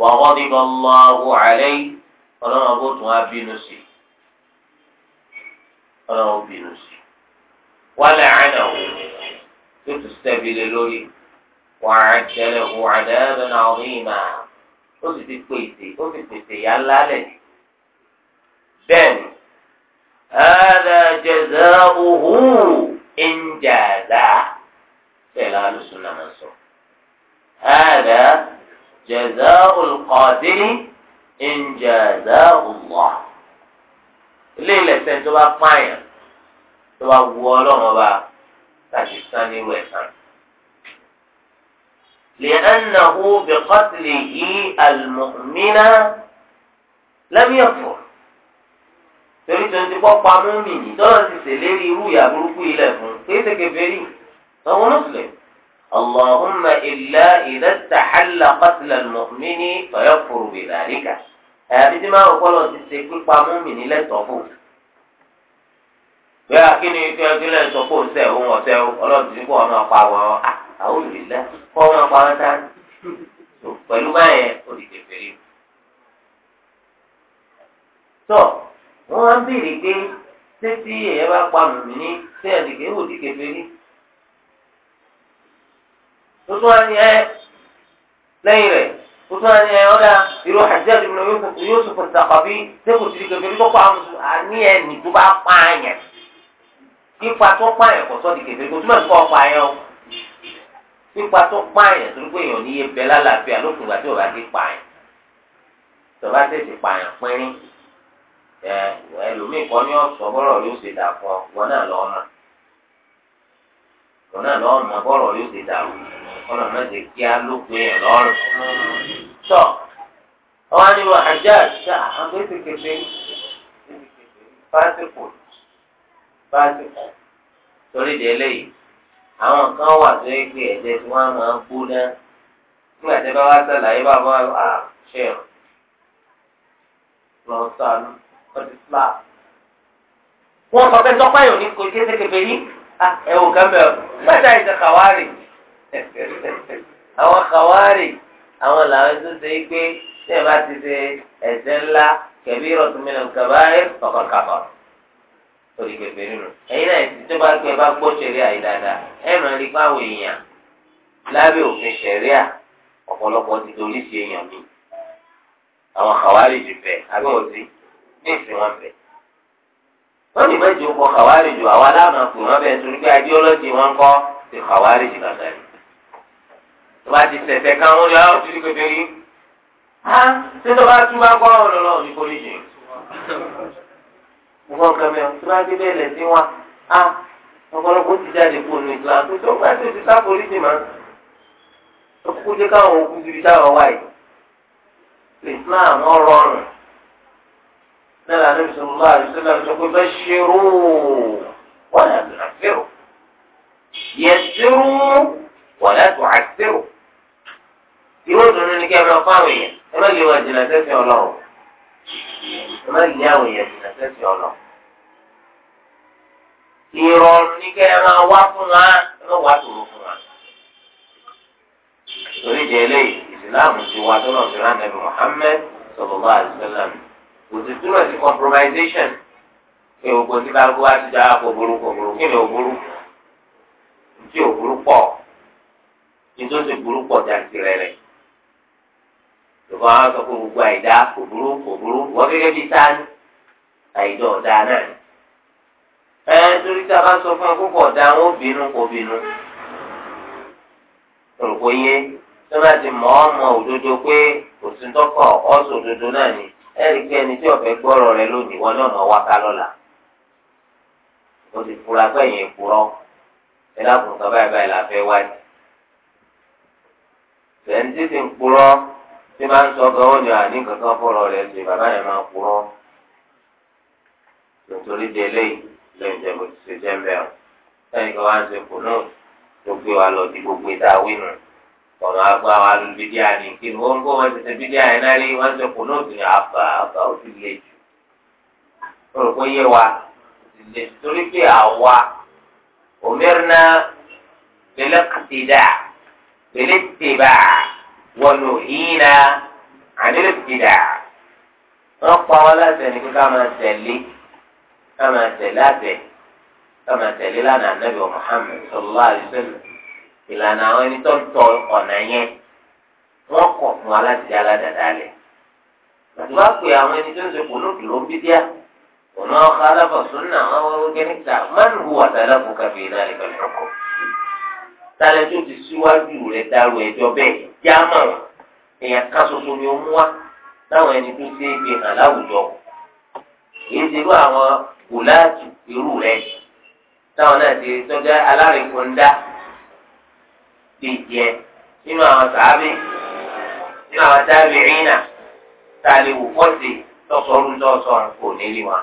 A: wà wọ́n bíbọ̀ lọ́wọ́ àlẹ́ yìí ọlọ́run ọgbọ́n tún á bínú sí ọlọ́run bínú sí. ولعنه تتستبل لوري وعجل له عذابا عظيما ó sì ti pèsè ó sì pèsè ńlá lẹ̀ bẹ́ẹ̀ni هذا جزاؤه إن جازا فلا لسنا منصور هذا جزاء القاتل إن جازاه الله ليلة سنتوا pààyàn tó bá wu ọlọ́run ọba láti san nírú ẹ̀san. لأنه بقتله المؤمن لم يكفر torí tó ń ti kọ́ pa mọ́mìnì tọ́lá ti ṣèlérí irú ìyà burúkú ilẹ̀ fún kéésì kẹfẹ́rì ọ̀hún mùsùlùmí. اللهم إلا إذا استحل قتل المؤمن فيكفر بذلك. àyàfi tí máa ń kọ́ lọ ti ṣe pípa mọ́mìnì lẹ́tọ̀ọ́ fún un. bẹ́ẹ̀ akíni kílẹ̀ ń sọ pé òun òun ọ̀sẹ́ ọlọ́run ti kó ọmọ ọ̀pá wọn ah, àwọn olùdílé kó ọmọ ọ̀pá wọn tán pẹ̀lú báyẹn tọ́ wọ́n pé títí bá pa tuntun ní ẹ lẹ́yìn rẹ̀ tuntun ní ẹ ọ̀dà irú tẹ́kùtì pípa tó pààyàn kò sọ́ di kèfèrí kò túmọ̀ sí kọ́ pààyàn o pípa tó pààyàn torí pé èèyàn níye bẹ lálàáfíà lókun ìgbà tí òbá ti pààyàn tọ́ba tètè pààyàn pínrín ẹlòmíì kan ní ọ̀sọ̀ bọ́rọ̀ yóò ṣe dà fún ọ wọn náà lọ́ọ́ mọ̀ wọn náà lọ́ọ́ mọ̀ bọ́rọ̀ yóò ṣe dà wọn náà má ṣe kí á lópin ẹ̀ lọ́rùn. tọ́ ọ̀hánirò àjáàjá àwọn tó ti kèfèrí báàgì kan torí di eléyìí àwọn kan wà tó yẹ pé ẹ̀jẹ̀ tí wọ́n máa ń gbóná nígbà tí bá wá sàlàyé bá bá wà ah, ṣe é lọ sànù ọtí slap. wọ́n sọ pé tọ́pẹ́ yòó ní kojú ẹsẹ̀ kẹfẹ́ yìí ẹ wò kán bẹ́ẹ̀ mẹ́ta ẹ̀jẹ̀ kàwárì àwọn kàwárì àwọn làwọn tó ṣe pé tẹ́ẹ̀ bá ti ṣe ẹ̀jẹ̀ ńlá kẹ̀bí rọ̀tùmílẹ̀ kàbáyé ọ̀kọ̀kàbọ̀ orí pèpè nínú ẹ̀yin náà ti tó bá pẹ bá gbọ́ sẹríà yìí dáadáa ẹ máa rí báwo èèyàn lábẹ́ òfin sẹríà ọ̀pọ̀lọpọ̀ ti dorí sí èèyàn mi àwọn kàwárí jù bẹ àbí wọn ti ní ìsìn wọn bẹ wọn ní mẹjọ kọ kàwárí jù àwọn aláàmà pè wọn bẹ torí pé ideology wọn kọ ti kàwárí jù kàkà rí tó bá ti tẹsẹ kan wọn lọ àwọn ah, tìrí pépé rí ha ah, tó bá tún nǹkan kan mẹ́rin tí wọ́n á gbé bẹ́ẹ̀ lẹ̀ sí wọn á ọ̀pọ̀lọpọ̀ ti jáde kó nu ìlà tó tó bá tó ti sá polisi mọ́ kókó jẹ́ káwọn òkú síbi táwọn wà yìí Islam ọrọrùn náà lànà bisimilá àdìsílẹ̀ sọ pé bẹ́ẹ̀ ṣerú wọn là tó àṣírò yẹsirú wọn là tó àṣírò ìwé ìdùnnú ni kí ẹ fáwọn èèyàn ẹ má lè wà jìnnà sẹ́sìn ọlọ́run. ẹ má lé àwọn èèyàn jìnnà sẹ́sì ọ̀nà. ìrọ̀rùn ní kẹ́ ẹ máa wá fún wa ẹ má wá tòrò fún wa. torí ìdí eléyìí ìsìláàmù ti wá tó náà àdìsẹ́lẹ̀m kò sì sí compromisation pé kálukú wá ti tí pọ̀ lọ́kọ̀ àwọn sọ pé gbogbo àìdá kò burú kò burú wọ́n gẹ́gẹ́ bíi sáánì àìdọ̀ ọ̀dà náà ni. ẹ torí tá a bá sọ fún akókò ọ̀dà wọn ò bínú kò bínú. olùkọ́ yé tó bá ti mọ̀ ọ́ mọ òdodo pé kò sí tọkọ̀ ọ̀sọ̀ òdodo náà ni ẹ̀rí pé ẹni tí ọ̀fẹ́ gbọ́rọ̀ rẹ lónìí wọn náà wá ká lọ́la. o ti fura pé èèyàn kúrọ́ ẹ lákùnkàn báyìí báyìí la fẹ́ wáyé. bẹ́ẹ̀ ní títí ń kúrọ́ tí máa ń sọ gan wọn ni àní kankan fọ̀rọ̀ rẹ̀ ṣe bàbá yẹn máa kúrọ́ nítorí di eléyìí lẹ́yìn jẹ́ bó ti ṣe jẹ́ mbẹ́ o lẹ́yìn kan wá ń ṣe kù náà tó gbé wa lọ di gbogbo ìta wínú ọ̀nà àgbà wa lu bídíà ní kí ni wọ́n ń kó ti ṣe bídíà yẹn náà rí wọ́n ń ṣe kù náà sí àbà àbà ó jù ó rò pé yé wa ti pé àwa òmìnira lè lọ́kàtì dáa lè ونهينا عن الابتداع ọ̀pọ̀ àwọn aláṣẹ ni ká máa tẹ̀lé ká máa tẹ̀lé àṣẹ ká máa tẹ̀lé lánàá nàbì Muhammad sallallahu alaihi wasallam ìlànà àwọn ẹni tó ń tọ ọ̀nà yẹn wọ́n kọ̀ fún aláṣẹ aládàáda lẹ̀ àti wá pé àwọn ẹni tó ń sèpò lódùró ń bí díà òun náà ká aláfọ̀ súnà wọn wọ́n wọ́n gẹ́ni ta man huwa salafuka fi dhalika al-hukm tálẹ́tù ti síwájú rẹ̀ dárò ẹjọ́ bẹ́ẹ̀ jẹ́ àmà wọn èèyàn kan ṣoṣo ni ó mú wá láwọn ẹni tó ṣe é fi hàn láwùjọ kì í ṣe irú àwọn gòláàtù irú rẹ táwọn náà ti tọ́jú alárìnkúndá bíi jẹ nínú àwọn sàábì nínú àwọn sábì rínà tá a lè wò fọ́ọ̀sì tọ́sọ̀rù tọ́sọ̀rù kò nílì wọn.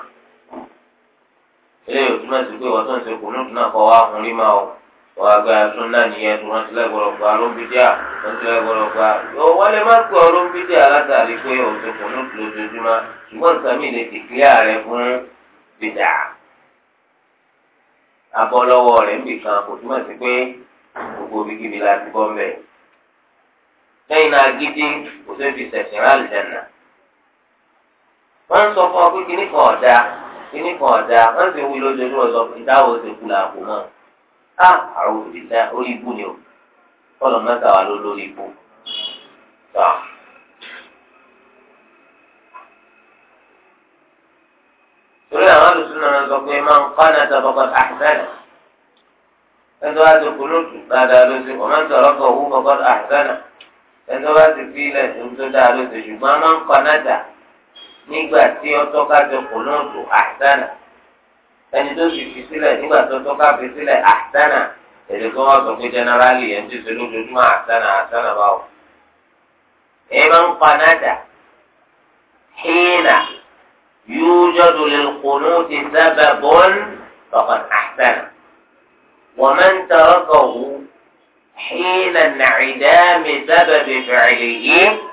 A: eléyìí ò túmọ̀ sí pé wọ́n tó ń ṣe kùnú náà kọ́ wa ọkùnrin máa wọ̀. wọn àgbà súnà nìyẹn tó wọn lẹgbọrọ gba olóńbídíà wọn lẹgbọrọ gba yọ wọn má pè olóńbídíà látàrí pé òṣèkùn ló ti lójoojúmọ́ ṣùgbọ́n sami lè ti kílíà fún bìdà abọ́ lọ́wọ́ kan kò túmọ̀ sí pé gbogbo bíkíbi bọ́ mbẹ́ lẹ́yìn náà gidi kò tó fi sẹ̀sìn wọ́n sọ fún ọ pé kíní kan ọ̀dà kíní kan ọ̀dà wọ́n wí lójoojúmọ́ sọ á àwọn òbí orí ibú ni o kọlọ mẹ́ta wà lórí ibú tọ. torí àwọn alùsùn náà sọ pé máa ń kọ́ náà tọ́ bọ́kọ́ ẹni tó bá ti kú lóṣù dáadáa ló ṣe kọ́ máa ń tọ̀rọ̀ kọ̀ owó bọ́kọ́ àṣẹ́nà ẹni tó bá ti fi ilẹ̀ tó dáa ló ṣùgbọ́n máa ń kọ́ náà nígbà tí ọtọ́ ká ti ẹni tó sì fi sílẹ̀ nígbà tó tó ká fi sílẹ̀ àtànà èdè kó wọ́n sọ pé jẹnẹrálì ẹni tó ṣe lójoojúmọ́ àtànà àtànà báwò. ẹ máa ń pa panádà hínà yóò lè ti bọ́ọ̀n lọ́kàn wọ́n ń يوجد للقنوت سبب فقد أحسن ومن تركه حين انعدام سبب فعله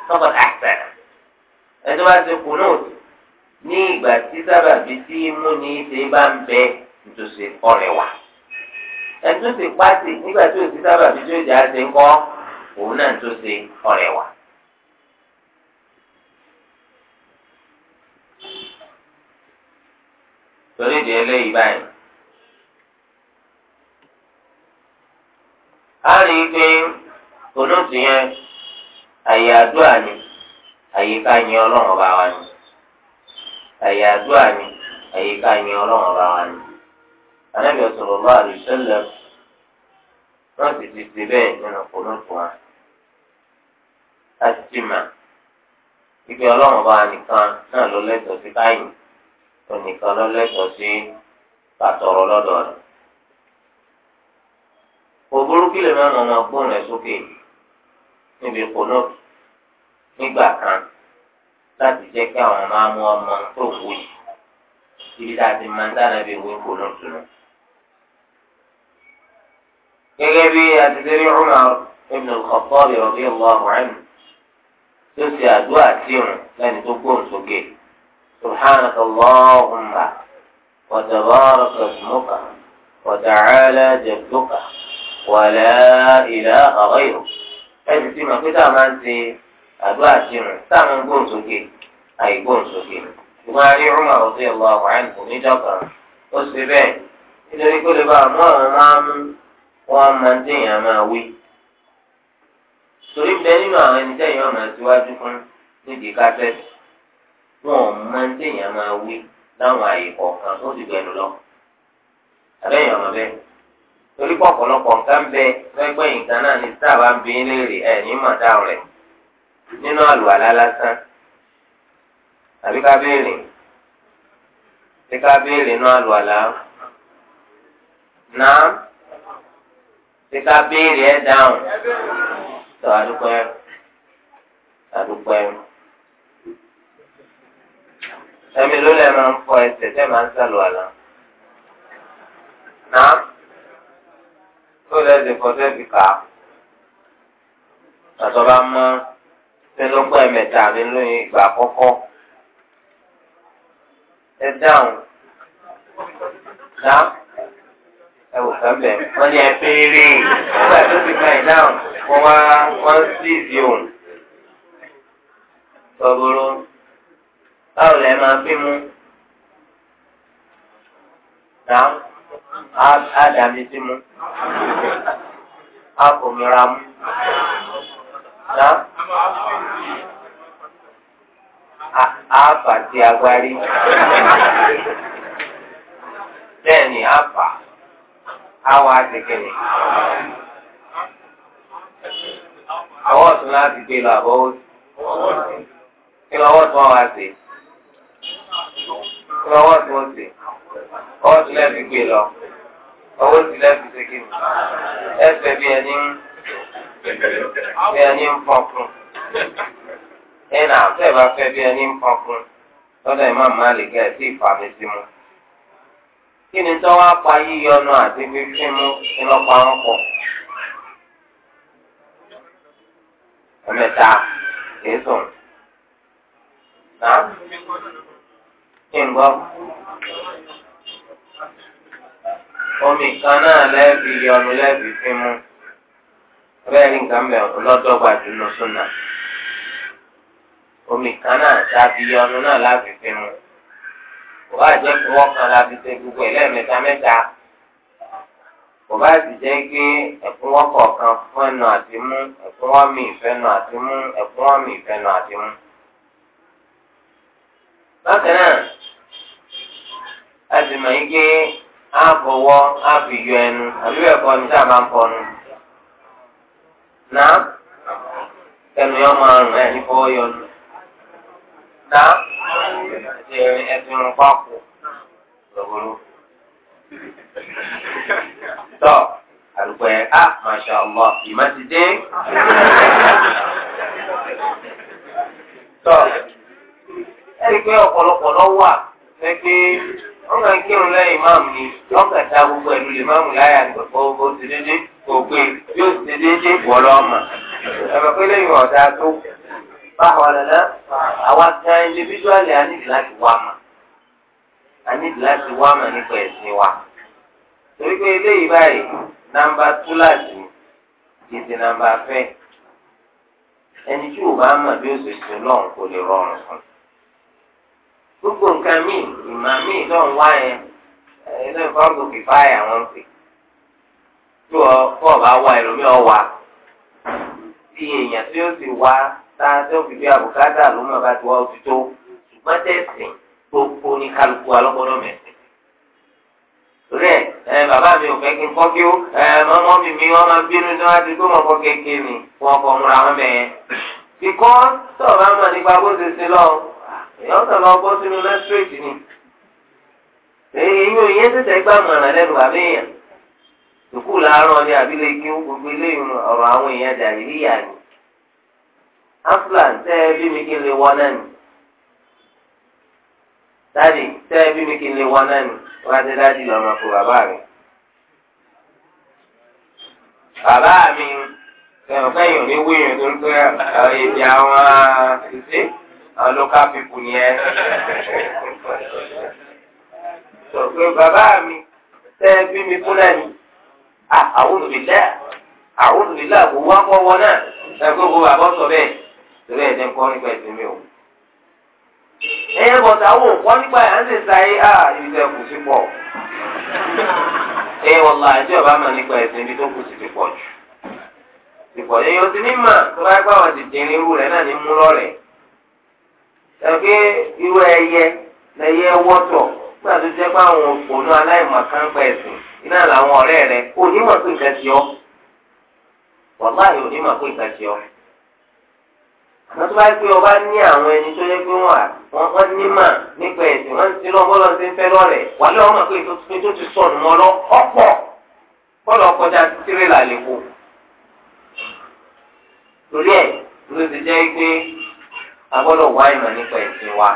A: bá ti هذا قنوت ní ìgbà tí sábàbí tí múni ṣe bá ń bẹ ntòsí ọ̀rẹ́ wa pàṣẹ nígbà tí òsì sábàbí tí òjà kọ òun náà ntòsí torí ìdí a rí i pé yẹn yẹn ọlọ́run àyè àdúrà ni àyè ká yin ọlọ́run ọba wa ni. anábìyà sọ̀rọ̀ bá àlùsọ́lẹ̀ wọ́n ti ti ṣe bẹ́ẹ̀ nínú kòlóòtù wa. a ti ti mà ibi ọlọ́run ọba nìkan náà ló lẹ́tọ̀ọ́ sí káyìn onìkan ló lẹ́tọ̀ọ́ sí pàtọ́rọ̀ lọ́dọ̀ rẹ̀. òbúrú kí lè má mọ̀ ọmọ gbóhùn ẹ̀ sókè níbi kòlóòtù nígbà kan láti jẹ́ kí àwọn máa mú ọmọ tó wù yìí ibi tá a ti máa ń dáná bí ìwé kò ló dùn. gẹ́gẹ́ bí àtẹ̀tẹ̀rí Umar ibn al-Khattab radiyallahu anhu tó ṣe àdúrà sí òun lẹ́ni tó gbóhùn sókè subhanaka Allahumma wa tabaraka ismuka wa ta'ala jadduka wa la ilaha ghayruka ẹ̀sìn tí màá pé tá a máa ń ṣe àdó àtirùn sáà ń gbóhùn sókè àìgbóhùn sókè ṣùgbọ́n a rí Umar radiyallahu anhu níjọ́ kan ó sì bẹ́ẹ̀ nítorí pé lè bá mú àwọn máa mú wọn máa dèèyàn máa wí. torí bẹ nínú àwọn ẹni tẹ́yìn ọ̀nà síwájú fún nídìí kásẹ̀tì wọn máa dèèyàn máa wí láwọn àyè kọ̀ọ̀kan ó sì gbẹnu lọ. àbẹ́yìn ọ̀nà bẹ́ẹ̀ torí pọ̀ ọ̀pọ̀lọpọ̀ nǹkan bẹ́ẹ̀ fẹ́ gbẹ̀yìn náà ní sábà ń bí ẹ̀ ní mọ̀dáwọ̀ rẹ̀ nínú àlùwàlá lásán àbí ká béèrè bí ká béèrè nínú àlùwàlá náà bí ká béèrè ẹ dáhùn tó àdúpẹ́ àdúpẹ́ ẹ̀mí ló lẹ́ máa ń fọ ẹsẹ̀ tẹ́ máa ń sàlùwàlá náà tó lẹ́sẹ̀ fọ́ sẹ́fì kà àtọ́ bá mọ́ mẹ́lọ́gbọ̀n ẹ̀mẹ́ta mi lóyún ìgbà àkọ́kọ́ ẹ dáhùn náà ẹ wò kán bẹ̀ wọ́n ní ẹ béèrè nígbà tó fi kan ẹ̀ dáhùn wọ́n wá wọ́n sí ìdí òun tọ́gbọ́rọ́ báwo lẹ máa fi mú náà á sí mú á kò mìíràn àáfà ti agbárí bẹ́ẹ̀ ni àáfà àwọn àtẹkẹ́lẹ̀ àwọn ọ̀tún láti gbé lọ àbọ̀ òsì kí lọ́wọ́ tún wá sí kí lọ́wọ́ tún sí ọwọ́ tún lẹ́ẹ̀fi gbé lọ ọwọ́ tún lẹ́ẹ̀fi ṣe kí ni ẹsẹ̀ bí ẹni ń bí ẹni ń pọn fún ẹ nà àtọ́ ẹ̀ bá fẹ́ bí ẹni ń pọn fún lọ́dọ̀ Imam Malik ẹ̀ sí ìfàmì sí mu. kí ni tó wá pa yíyọnu àti fífi mú ìlọ́pàá ń pọ̀? ẹ̀mẹ́ta kìí sùn. náà kí n gbọ́ omi kan náà lẹ́ẹ̀fi yọnu lẹ́ẹ̀fi fi mú bẹ́ẹ̀ ni nǹkan mẹ́rin lọ́dọ́gba jù lọ sọ́nà. omi kan náà tàbí ọnu náà láti fi mu. kò bá jẹ́ pé wọ́n kan láti ṣe gbogbo ẹlẹ́mẹta mẹ́ta. kò bá sì jẹ́ pé ẹ̀kún wọ́n kọ̀ọ̀kan fún ẹnu àti mú ẹ̀kún wọ́n mi ìfẹ́nu àti mú ẹ̀kún wọ́n mi ìfẹ́nu àti mú. bákan náà a sì mọ̀ yí pé a fọwọ́ a fi yọ ẹnu àbí ẹ̀kọ́ ni sábà ń kọnu náà ẹnu yọ máa rùn ẹ ní fọwọ́ yọ lù náà ẹ̀sìn ẹ̀sìn rùn pákó lọ́wọ́lọ́. tọ́ àlùkò ẹ̀ a ah, masha allah ìmọ̀ ti dé. tọ́ ẹni pé ọ̀pọ̀lọpọ̀ lọ wà pé wọ́n kàn kírun lẹ́yìn máàmù ni wọ́n kàn ta gbogbo ẹ̀lú lè máàmù láyà nígbà gbogbo ti dédé kò pé yóò ṣe déédéé wọ̀rọ̀ ọmọ ẹ̀fọ́ pé lẹ́yìn ọ̀dà tó bá wọlé náà àwa kan indivídúálì a nídìí láti wá mà a nídìí láti wá mà nípa ẹ̀sìn wa torí pé eléyìí báyìí nàmbà túláàsì ìdè nàmbà fẹ́ ẹni tí ò bá mà bí ó ṣe sùn lọ́hùn kò lè rọrùn fún gbogbo nǹkan míì ìmọ̀ míì lọ́hùn wá yẹn ẹ̀ ẹ̀ lẹ́yìn fọ́ọ̀gù kìfáyà wọn pè é. tí wọ́n bá wá ẹlòmíì ọ̀wá bí èèyàn tí ó sì wá sáńtẹ́ òfìdí àbùkádà ló mọ̀ bá ti wá ojú ṣùgbọ́n tẹ̀sìn gbogbo ní kálukú alọ́gbọ́dọ̀ mẹ́sìn. torí bàbá mi ò fẹ́ kí n kọ́ kí ó mọ́mọ́ mi mi wọ́n máa bínú ní wọ́n ti kéèké wọ́n kọ́ múra wọn bẹ́ẹ̀. ìkọ́ bá mọ̀ nípa bó ṣe ṣe lọ sùkúù làárọ̀ ní abilé kí o gbogbo eléyìí ọ̀rọ̀ àwọn èèyàn jàìlíyà ni afúlàn tẹ́ ẹ bí mi kí n lè wọ náà ni dáàdì tẹ́ ẹ bí mi kí n lè wọ náà ni wọ́n á ti dáàdì lọ́mọ fún bàbá rẹ̀ bàbá mi fẹ̀yìn fẹ̀yìn ní wíyìn tó ń pẹ́ èdè àwọn ṣiṣẹ́ àwọn local people yẹn sọ pé bàbá mi tẹ́ ẹ bí mi kú náà àwùjọ bìlẹ̀ àwùjọ bìlẹ̀ àgbòwò akọ̀wọ́ náà ẹgbẹ́ gbogbo àbọ̀ sọ bẹ́ẹ̀ torí ẹ̀ dẹ́kọ́ nípa ẹ̀sìn mi o. ẹ̀yẹ bọ̀tà wò wọ́n nípa ẹ̀ ń sèta yé a ibi kù sí pọ̀. ẹ̀yẹ wọ̀lá ẹ̀jẹ̀ ọba nípa ibi tó kù sí ti pọ̀ jù. ìpọ̀ ẹ̀yẹ o ti ní mà tó bá gbà wọ́n ti dín irú rẹ̀ náà ní mú lọ́rẹ̀. iná làwọn ọ̀rẹ́ rẹ onímọ̀ pé nǹkan ti ọ́ wàláhì onímọ̀ pé nǹkan ti ọ́ àmọ́ tó bá yẹ pé ọba ní àwọn ẹni tó yẹ pé wọ́n wọ́n nímọ̀ nípa ẹ̀sìn wọ́n ti lọ́ bọ́lọ́ ti ń fẹ́ lọ́rẹ̀ pé tó ti sọnù mọ́ lọ ọ̀pọ̀ bọ́lọ̀ kọjá tirẹ̀là torí ẹ̀ ló ti jẹ́ pé a gbọ́dọ̀ wá ìmọ̀ nípa ẹ̀sìn wa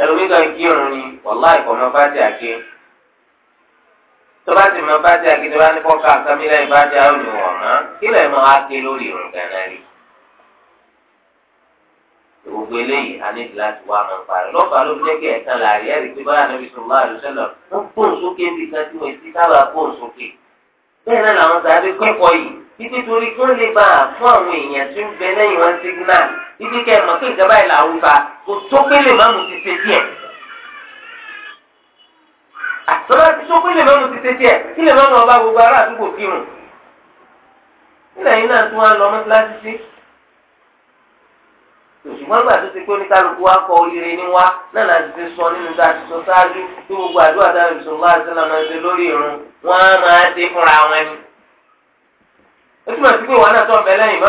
A: ẹlòmíkan ni kọ̀ọ̀mọ́ bá ti tọ́ba sì máa bá jẹ́ àgídí wa ní kọ́ka àkàmílẹ̀ ìbájá olùwọ̀n mọ́ kí lè mọ ake lórí irun gánà rí. gbogbo eléyìí a ní gíláàsì wa máa ń parí lọ́pàá ló fi jẹ́ kí ẹ̀sán láàrin ẹ̀rí pé báyà níbi sọ̀rọ̀ bá àdúgbò lọ wọ́n pòun sókè bí kan tí wọ́n ti sábà pòun sókè.
B: bẹ́ẹ̀ náà làwọn sàbẹ̀ kẹ́kọ̀ọ́ yìí
A: títí torí kí wọ́n lè bá fún àwọn èèyàn tí ń bẹ lẹ́yìn wọn sígínà títí kẹ́ ẹ̀ ìjọba ìlà àwùjọ kò tó pélé mọ́mù ti ṣe díẹ̀ lọ́dọ̀ ti sọ pé lè lọ́nu ti tẹ́tí ẹ̀ kí lè lọ́nu ọba gbogbo ará àdúgbò kírun nílẹ̀ yìí náà tún wá lọ mọ́tíláṣí sí ṣùgbọ́n gbà tó ti pé oníkálukú wa kọ oríire ní wa náà láti ti sọ nínú tá a ti sọ sáájú tí gbogbo àdúrà tá a lè sẹ́lá máa ṣe lórí irun wọ́n á máa ṣe fúnra wọn ni. ó túmọ̀ sí pé ìwọ náà tọ́ bẹ́ẹ̀ lẹ́yìn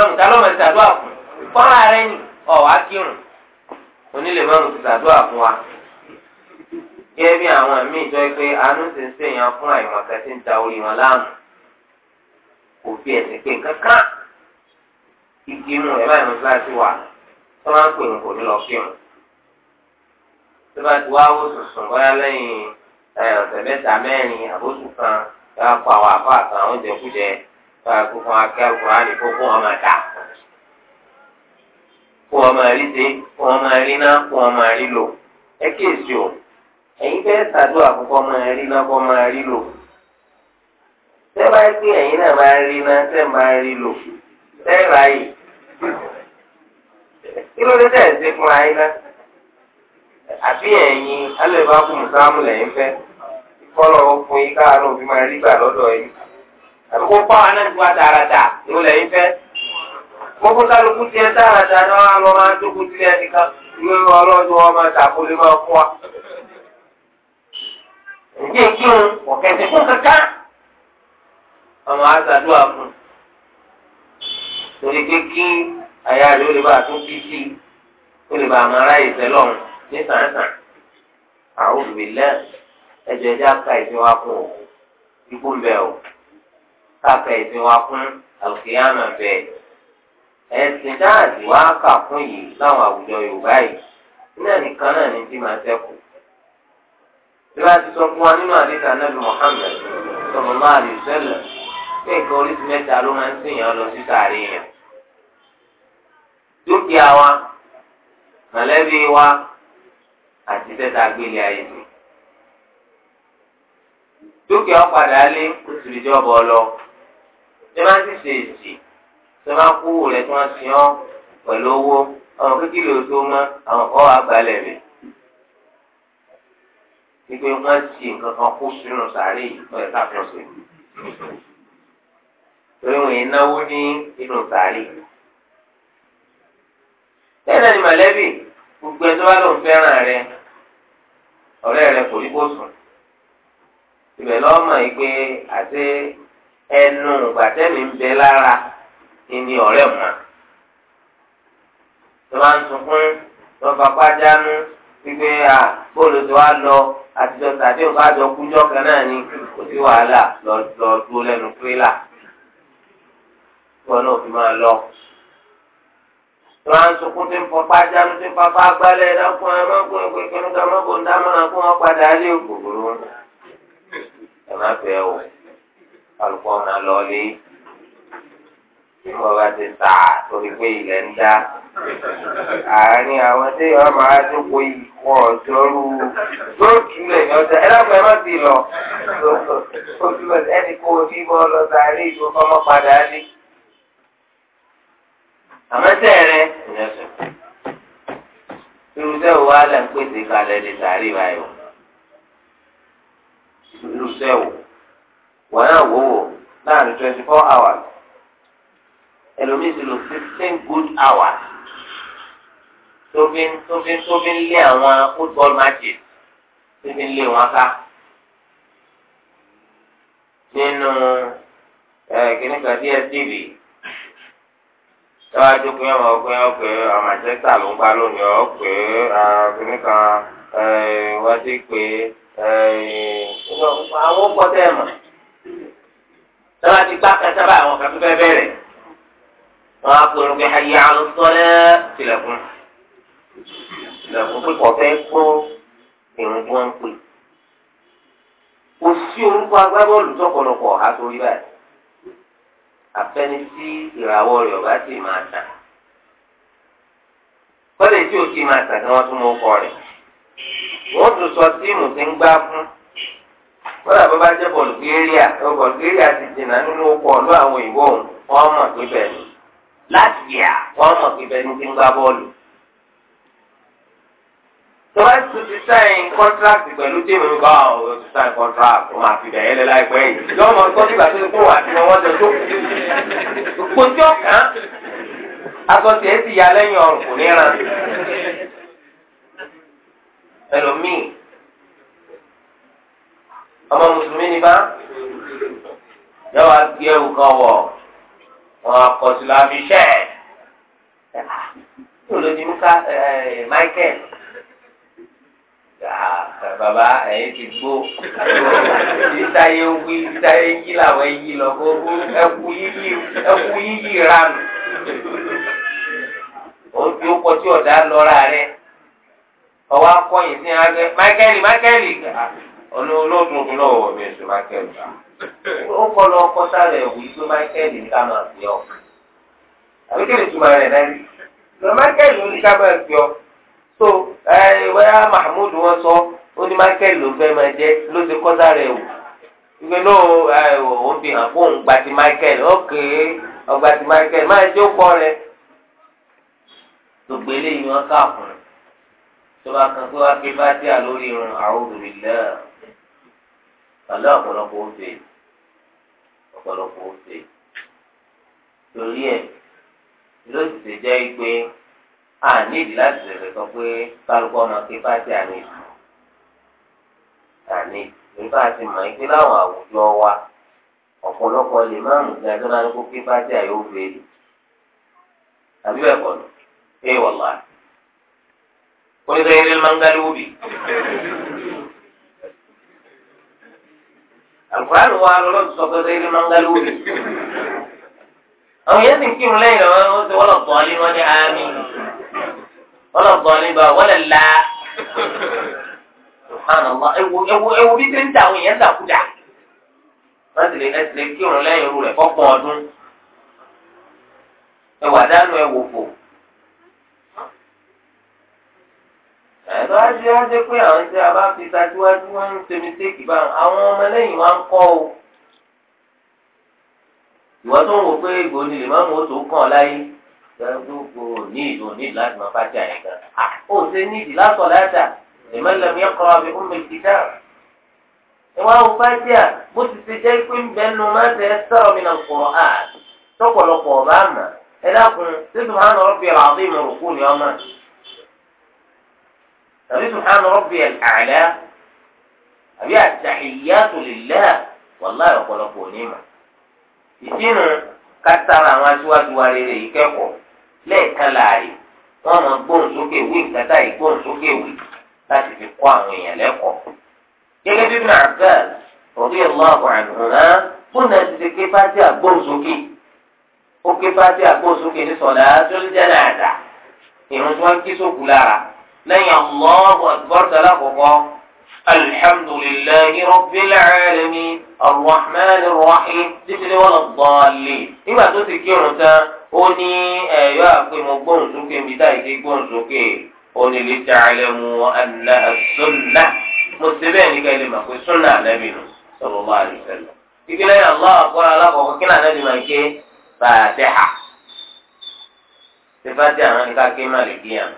A: márùn-ún tá lọ́mọ yẹ bí àwọn míì jọ pé àánú ti ń sèyàn fún àìmọ̀ kan tí ń da orí wọn láàmú kò fi ẹ̀sìn pé kankan igi inú ẹ̀ báyìí lọ́sí láti wà tó máa ń pè wọn kò ní lọ fíìmù tó bá ti wáwó sùsùn bóyá lẹ́yìn ọ̀sẹ̀ mẹ́ta mẹ́rin àbóṣù kan yóò pa àwọn àbá àtàwọn oúnjẹ kújẹ báyà gbogbo akẹ́rù kan á ọmọ ẹ̀ka kó ọmọ rí dé kó ọmọ rí ná kó ọmọ rí lò ẹ kíyèsí o. ẹ̀yin fẹ́ sàdó àkọ́kọ́ máa rí náà kọ́ máa rí lò tẹ́ bá pín ẹ̀yin náà máa rí náà tẹ́ máa rí lò tẹ́ rà yìí kí ló dé tẹ̀ ṣe fún ayé náà àbí ẹ̀yin alẹ́ bá kú mùsàlámù lẹ́yìn fẹ́ kọ́lọ̀ fún yín máa rí gbà lọ́dọ̀ yín pàwọn náà ti wá ló lẹ́yìn fẹ́ èké kírun ọ̀kẹ́sì fún kankan ọmọ àtàdúrà fún torí pé kí àyà rẹ̀ ó lè bá a tún kí sí ó lè bá a máa ráyè sẹ́lọ̀rùn ní sàǹsàn àwọn olùbílẹ̀ ẹjọ́ ẹjọ́ àka ìsìn wa kún ikú ń bẹ̀ o káka ìsìn wa kún àlùkìyàmà bẹ̀ ẹ̀sìn dáàdì wa kà fún yìí láwọn àwùjọ Yorùbá yìí náà nìkan náà ní tí màá sẹ́kù ìbá ti sọ fún wa nínú àdéhùn anábì Muhammad sallallahu alaihi wasallam pé nǹkan oríṣi mẹ́ta ló máa ń sèyàn lọ sí sàárè yẹn. dúkìá wa mọ̀lẹ́bí wa àti tẹ́tà gbélé ayé mi. dúkìá padà lé òsìrìjọ́ bọ̀ lọ. ṣé máa ti ṣe èsì ṣé máa kú rẹ̀ tí wọ́n ti yán pẹ̀lú owó ọmọ kékeré tó mọ́ àwọn kọ́ àgbálẹ̀ rẹ̀ wípé wọ́n ti nǹkan kan kó sínú sàárè yìí lọ́yẹ̀ káfíọ̀ wọn ìnáwó ní inú sàárè. bẹ́ẹ̀ náà ni mọ̀lẹ́bí gbogbo ẹ̀ tó bá lòun fẹ́ràn rẹ ọ̀rẹ́ rẹ kò rí kó ibẹ̀ lọ́mọ yìí pé àti ẹnu gbàtẹ́mi ń bẹ lára ni ọ̀rẹ́ mọ́. tó bá ń sunkún tó bá pàjánù gbígbé à bóòlù tó wá lọ àtijọ́ tàbí òfò àjọ kújọ́ kan náà ni kò sí wàhálà lọ dúró lẹ́nu tírélà wọn náà fi máa lọ. Tọ́lá ń sunkún tí ń fọpá jánu tí ń fapá gbálẹ̀ ẹ̀dákun ẹ̀ máa ń kún ẹgbẹ́ kí nígbà máa bò ń dámọ̀ràn kún wọn padà lé òkòkòrò. Ẹ má fẹ́ o, alùpùpù ọ̀nà lọ lé bí wọn bá ti sà torí pé ilẹ̀ ń dá àárín àwọn tí wọn máa dúpọ̀ ikọ̀ ọ̀dọ́rú lóòtú lẹ́yìn ọjà ẹ lọ́pọ̀ ẹ má ti lọ ojú ẹni kó o ní bọ́ lọ sáré ìlú ọmọ padà ní. àmọ́tẹ́ rẹ irúṣẹ́ wo wá lẹ́ ń pèsè kalẹ̀ ní sáré báyìí o irúṣẹ́ wo wọ́n náà wò wò láàrin twenty four hours ẹlòmíì ti lò fifteen good hours tóbi tóbi tóbi ń lé àwọn football matches tóbi ń lé wọn ká nínú kìnnìkan dstv tọ́wá dúkú yẹn wọ́n pé ọ̀pẹ àmàṣẹ́tà ló ń gbá lónìí ọ̀pẹ kìnnìkan wọ́n ti pè é àwọn ọkọ̀ tẹ̀ mọ̀ tọ́wá ti gbá kẹta báyìí àwọn kan tó fẹ́ bẹ̀rẹ̀. wọn pé ayé alùsọlẹ tilẹ̀kùn tilẹ̀kùn pé kọfẹ gbọ́ ìrùn tí ń pè kò sí orúkọ agbábọ́ọ̀lù tọ̀pọ̀lọpọ̀ àtòrí báyìí àfẹni tí ìràwọ̀ ọba sì máa tàn tí o ti máa tàn kí wọ́n tún mú kọ rẹ̀ wọ́n tún sọ tíìmù tí ń gbá fún ti dènà nínú láti yà wọ́n mọ̀ pé bẹ́ẹ̀ ni ti ń gbá bọ́ọ̀lù. tó bá tún ti sáyìn kọ́ńtrákì pẹ̀lú jẹ́mi bá ọ̀rọ̀ ti sáyìn kọ́ńtrákì ó máa fi bẹ̀rẹ̀ lẹ láìpẹ́ yìí. yọ ọmọ tó dìgbà tó kó wà sí wọn jọ tó kù. ìpòjọ́ kan agọ́tì ẹ̀ ti ya lẹ́yìn ọ̀rùn kò ní ràn. ẹlòmíì ọmọ mùsùlùmí ni bá yọ wá gbé ẹwù kan wọ̀ wọn akọsí lábí ṣẹ yóò ah, ló di Musa Michael ah, bàbá ẹ̀yin ti gbó títáyé wí títáyé yí làwọn ẹyí lọ gbogbo ẹkú yíyí ẹkú yíyí ranù ó ń fi ókọ tí ọ̀dà lọ́ra rẹ̀ ọwọ́ akọ̀yìn sí ẹgbẹ́ Michael Michael olóòtú òkú náà wọ̀ mí sùn Michael. ó kọ́ lọ ọkọ sálẹ̀ òwú michael ní ni rẹ̀ náà lọ michael ní ká máa fi ọ so wẹ́yà mahmood wọn sọ ó ní michael ló fẹ́ máa jẹ ló ti kọ́ sálẹ̀ òwú ìgbẹ́ náà ó fi hàn fún òun gba ókè ti máa jẹ́ òkọ rẹ̀ gbogbo eléyìí ni wọ́n kà tó bá kan pé wá pé bá díà lórí irun àwọn pẹ̀lú ọ̀pọ̀lọpọ̀ ọ̀pọ̀lọpọ̀ ọ̀sẹ̀ torí ẹ̀ ló sì ṣe jẹ́ pé a nídìí láti rẹ̀ sọ pé kálukú ọmọ pé fáṣí àní ìlú àní nípa àti mọ̀ ẹ́ pé láwọn àwùjọ wa ọ̀pọ̀lọpọ̀ lè má mú ìgbà tó náà ní kó pé fáṣí àyè béèrè àbí bẹ́ẹ̀ kọ́ ni ẹ wọ̀ láti. oníṣẹ́ ilé máa ń gálíwò bì àlùfáàlù wa lọ́dọ̀ sọ pé ṣe eré mangalú ni. àwọn yẹn ti kírun lẹ́yìn rẹ̀ wọ́n ti wọ́n lọ bọ̀ọ́lí wọn ní àmì wọ́n lọ bọ̀ọ́lí bá wọ́n lè la. ewu bí ti ń ta àwọn yẹn dàkúdà. wọ́n ti lè ẹsẹ̀ kírun lẹ́yìn rú rẹ̀ fọ́pọ̀ ọdún. ẹwà dánú ẹ wò fò. tó á jẹ́ ọjọ́ pé àwọn tí a bá fi tajuwájú wọn ń mistake báwọn àwọn ọmọlẹ́yìn wa ń kọ́ o ìwọ tó ń wò pé ìgò ni lè má mú oṣù kàn láyé gbogbo ní ìlú nídìí láti máa bá jà yẹn gan ó ṣe nídìí lásọ láta lè má lẹ́mú yẹn kọ́ abẹ ọmọ ìkìtà ìwà òfájà bó ti ṣe jẹ́ pé ń bẹ́ẹ̀ tẹ sọ̀rọ̀ mi tàbí subhana rabbiyal a'la àbí at-tahiyyatu lillah wallahi ọ̀pọ̀lọpọ̀ onímọ̀. ìdínú kátàrà àwọn aṣíwájú wa rere yìí kẹ́kọ̀ọ́ lẹ́ẹ̀kan láàyè wọ́n mọ gbóhùn sókè wí nkátà yìí gbóhùn sókè wí láti fi kọ́ àwọn èèyàn lẹ́kọ̀ọ́. gẹ́gẹ́ bí Ibn Abbas radiyallahu anhuma fúnà ti ṣe ké fásitì àgbóhùn sókè ó ké fásitì àgbóhùn sókè ní sọ̀dá tó ń jẹ́ náà dà ìrùn tí wọ́n kí sókù lára lẹ́yìn Allahu akbar tala kọ̀kọ́ alhamdulillahi rabbil alamin arrahmanir rahim títí ní wọn lọ bọ́ọ̀lì nígbà tó ti kírun tán ó ní ẹ̀yọ́ àpè mo gbóhùn sókè mi dá ìdí gbóhùn sókè ó ní lè tẹ àlẹ́ mu àná sunna mo ṣe bẹ́ẹ̀ nígbà ilé màá pé sunna ànábì nù sallallahu alaihi wasallam. ìgbélé Allah akbar alákọ̀ọ́kọ́ kí náà ànábì máa ké Fatiha. ṣe àwọn nìkan ké má lè bí àná.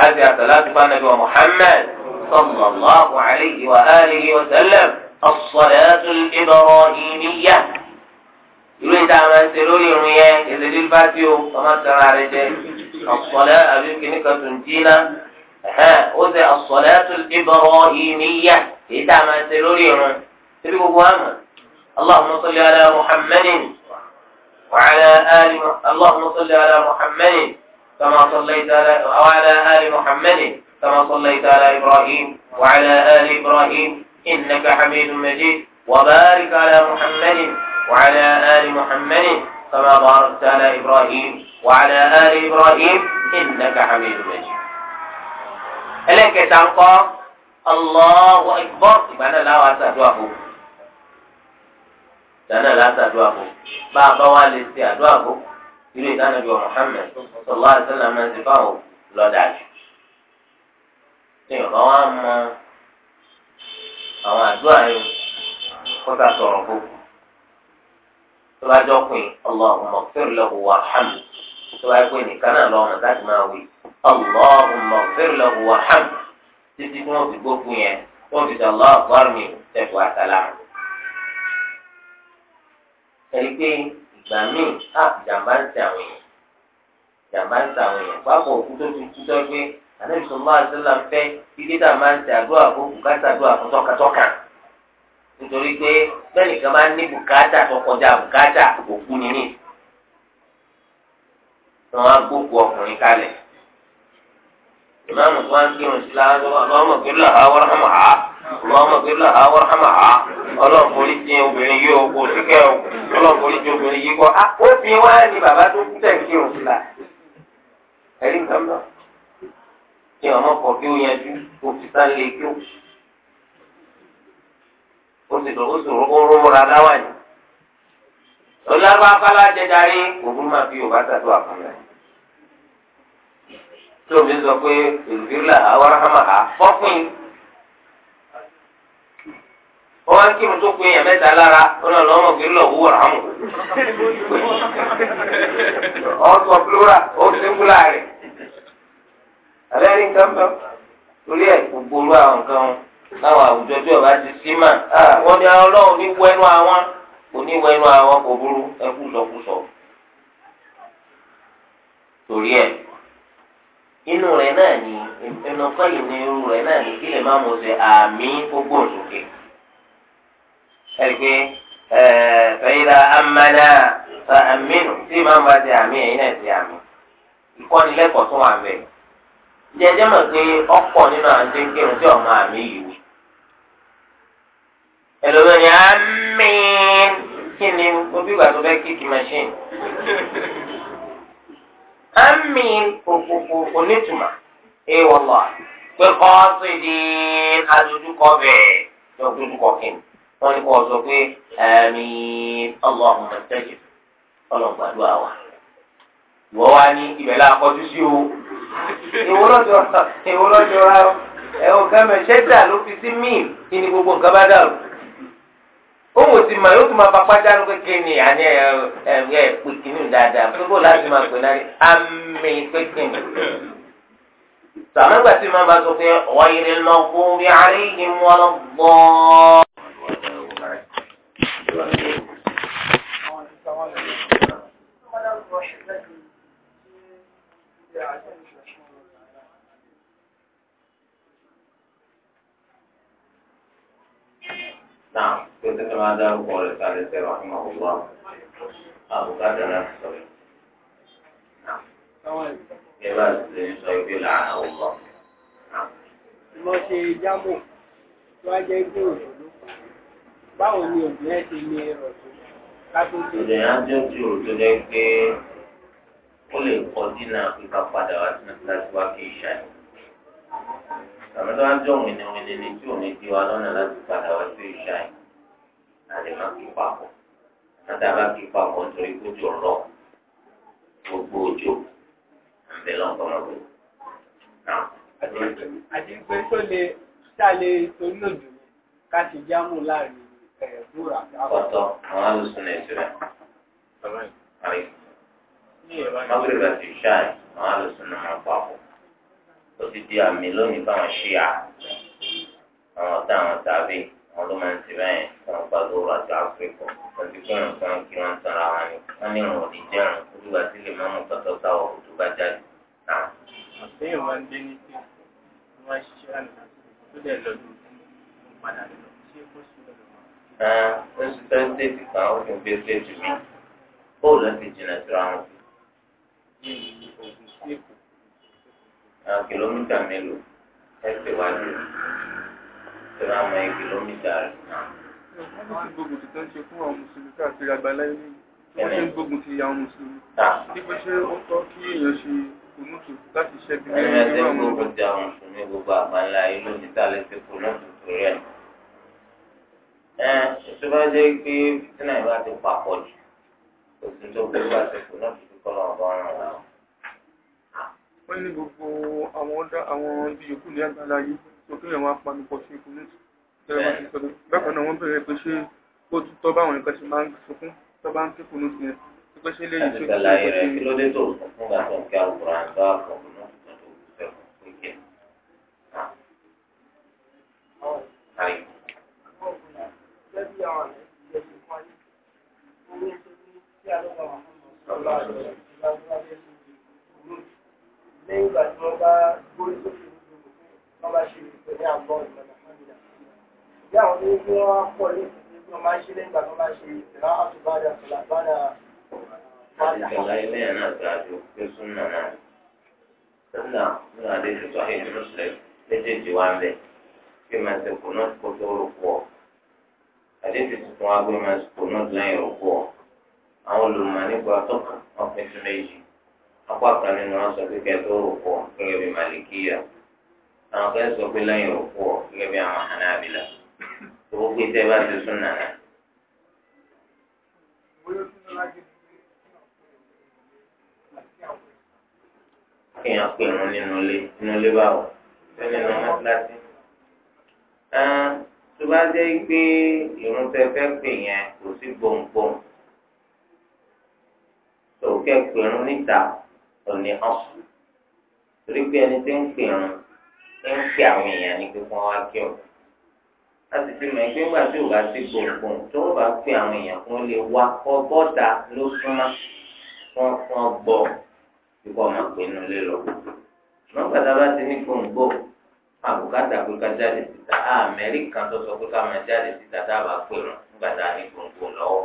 A: هذه صلاة النبي محمد صلى الله عليه وآله وسلم الصلاة الإبراهيمية irú ìta máa ń ṣe lórí irun yẹn ìṣèlú bá tí o ọmọ sara rẹ jẹ ọ̀sọ̀lẹ́ àbí kìnnìkan tó ń dínà ó ṣe as-salatu al-ibrahimiyyah èyí tá a máa ṣe lórí irun síbi gbogbo àmọ́ allahumma salli ala muhammadin wa ala ali allahumma salli ala muhammadin. كما صليت على وعلى آل محمد كما صليت على إبراهيم وعلى آل إبراهيم إنك حميد مجيد وبارك على محمد وعلى آل محمد كما باركت على إبراهيم وعلى آل إبراهيم إنك حميد مجيد إليك تلقى الله أكبر Akbar لا náà láwọn لا bò ìgbà náà láwọn ilé ìdáná bíi Muhammad jù. wa mọ àwọn àdúrà yẹn kọ́ta sọ̀rọ̀ gbogbo. tó jọ pin Allahumma ighfir lahu warhamhu tó bá pin nìkan náà lọ́mọ láti máa wí títí tí fi gbógun yẹn fi àtàlà. ìgbà míì á ìjàmbá ń tẹ àwọn èèyàn ìjàmbá ń tẹ àwọn èèyàn pápọ̀ òkú tó ti kú sọ́gbé ànábì sọlá àṣẹlá ń fẹ́ kíkẹ́ tá a máa ń tẹ àdúrà fún bùkátà àdúrà fún tọkàtọkà nítorí pé bẹ́ẹ̀ni kan máa ń ní bùkátà tó kọjá bùkátà òkú nínú wọn á gbókù ọkùnrin kalẹ̀ ìmáàmù tó wá ń kírun sí láwọn ọmọ kìlọ̀ àwọn ọmọ ha ọmọ kìlọ̀ àwọn ọmọ ha ọlọ́run forí ti obìnrin yìí o kò sí kẹ́ o ọlọ́run forí ti obìnrin yìí kọ́ a obìnrin wa ni bàbá tó tẹ̀ kí o fìlà ẹ̀rí nǹkan náà kí ọmọ kọ kí ó yanjú kó fi sá lé kí ó ó sì tó ó sòrò ó rú rárá wà ní olùdarí akálá jẹjarí ògùn máa fi yorùbá tàbí àkànlẹ tí òbí sọ pé ìlú fílà àwọn aráhámà á fọ́pin. wọ́n á kírun tó pé èèyàn mẹ́ta lára wọn lọ lọ́mọ kí lọ́ọ̀ wúwọ̀ rámù. ọ̀sọ̀ flora ó síngúlà rẹ̀ nǹkan ọba ti sí mà wọ́n ní ọlọ́run ní wọ ẹnu àwọn kò ní wọ ẹnu àwọn kò burú ẹkú sọkúsọ. torí ẹ̀ inú rẹ̀ náà ni ẹ̀gbẹ́ ẹ̀ẹ́dà amánà sa àmínú tí màá bá ti àmì ẹ̀yin náà ti àmì ìkọ́nilẹ́kọ̀ọ́ tún wà bẹ́ẹ̀. jẹjẹ́ mọ̀ pé ọ̀pọ̀ nínú àwọn tó ń kírun tí ọmọ àmì yìí wù. ẹlòmíràn ni àmì kí ni mo bí ìgbà tó fẹ́ kíkì machine. àmì òkòkò onítùmá ẹ̀ wọ̀lọ̀ pé kọ́ di adójúkọ bẹ́ẹ̀ wọ́n ní kó o sọ pé ẹ̀mí Allahumma stajib ọlọ́gbàdúrà wa. ìwọ wa ní ibẹ̀ la kọjú sí o ìwọ lọ́jọ́ ìwọ lọ́jọ́ ra ẹ̀wọ̀n kẹ́mẹ̀ ṣẹ́dá ló fi sí míì kí ni gbogbo nǹkan bá dàrú. òun ò ti mọ̀ yóò tún máa papá dánú kékeré ni àní ẹ̀ ẹ̀ pè kínní dáadáa gbogbo láti máa pè náà àmì kékeré sàmúgbà tí màá sọ pé wáyé lè máa kó bí àárín نعم كنت كما دار قول الثالث رحمه الله أبو قدر نفسه نعم يبقى الإنسان يلعنه الله نعم mo ṣe jámù tó wá jẹ́ pé òjò ló kọ́. Báwo ni òjò yẹn ti ní ẹrọ̀ tó ó lè kọ́ dínà kíkà padà wá sí mẹ́tíláṣí wá kí ìṣá yìí. Àmì tó wá jọ wìnìwìnì ni tí òní di wa lọ́nà láti padà wá sí ìṣá yìí. Àlè má kí papọ̀. Àtà bá kí papọ̀ nítorí kójú ọ̀rọ̀ gbogbo òjò. Àbẹ̀ lọ́nkọ́ mọ̀ bẹ́ẹ̀. Àti pé tó lè tá a lè torí òjò yẹn ká láàrin ẹ̀ẹ́dúrà. Eh, Ọ̀tọ̀ àwọn alùsùn Nàìjíríà. Àlè mọ́gìrì àti ṣáì àwọn alùsùn máa ń papọ̀ ó ti di àmì lónìí fáwọn ṣíà àwọn ọ̀tá àwọn tàbí àwọn ló máa ń ti bẹ́ẹ̀ wọn gba lóru àti áfíríkà wọn ti kí wọn fún kí wọn tanra wọn ni wọn ní ìrùn òní jẹun olúwa tí lè máa mú pátá táwọn òtún bá jáde náà. àbẹ́yẹ̀ wọn dé ní tí wọ́n ṣiṣẹ́ àná tó dẹ̀ lọ́dún padà lọ ṣé kó sùn lọ́dún wọn. ó sì fẹ́ ṣètì kan ó sì ń gbé ṣètì mi bóòlù ti jìnnà síra wọn bí ogun sí èkó. àwọn kìlómítà mélòó ẹsẹ̀ wá dé ìṣẹ̀lẹ̀ àmọ́ kìlómítà rẹ̀ náà. wọ́n ti gbógun ti tẹ́ ṣe fún àwọn mùsùlùmí káàkiri àgbáláyé ní wọ́n ṣe ń gbógun ti àwọn mùsùlùmí. nípa ṣé ó tọ́ kí èèyàn ṣe kùnúùtù láti ṣẹ́bi lẹ́yìn ìlú àwọn ọ̀gbọ́n. ẹni tí àwọn mùsùlùmí gbogbo àgbáńlá ìlú ní tálẹ́ ti kùnúùtù torí ẹ̀. ẹ ṣùgbọ́n jẹ́ pé ti papọ̀ jù òsì kọ́nà ọ̀bọ̀ ọ̀rọ̀ náà. wọ́n ní gbogbo àwọn ọ̀dà àwọn ibi yòókù ní agbára yìí tó kí èèyàn wá panu pọ̀ sí ikú nìtì bákan náà wọ́n bèèrè pé ṣé ó tún tọ́ báwọn nǹkan ṣe máa ń sunkún tó bá ń wà ń bẹ̀ máa ṣe kò kó tó rúkú ọ̀ àdéhùn tuntun wa gbé máa ṣe kò náà lẹ́yìn rúkú àwọn olùmọ̀ nípa tọ́kàn ọ̀pẹ̀ tó méjì apá kan nínú wọn sọ pé tó bí màlìkíyà àwọn kan sọ pé tẹ́lẹ̀ náà mọ́tíláṣí. tó bá jẹ́ pé irun tẹ fẹ́ pè yẹn kò sí gbòǹgbòǹ tó kẹ́kọ̀ọ́ irun níta òní ọ̀sùn torí pé ẹni tí ń pè irun ń pè àwọn èèyàn ní pé wọ́n wá kí o láti fi mọ̀ ẹgbẹ́ ńgbà tí ò bá sí gbòǹgbòǹ tó bá pè àwọn èèyàn kó lè wá kọ́ bọ́dà ló súnmọ́ fún ọ ìkọ̀ ọmọ pé inú lọ. wọ́n gbàdá bá ti ní gbòǹgbò Ah, àbùkátà pé jáde síta ah, kan tó sọ pé ká máa jáde síta a ní gbòǹgbò lọ́wọ́.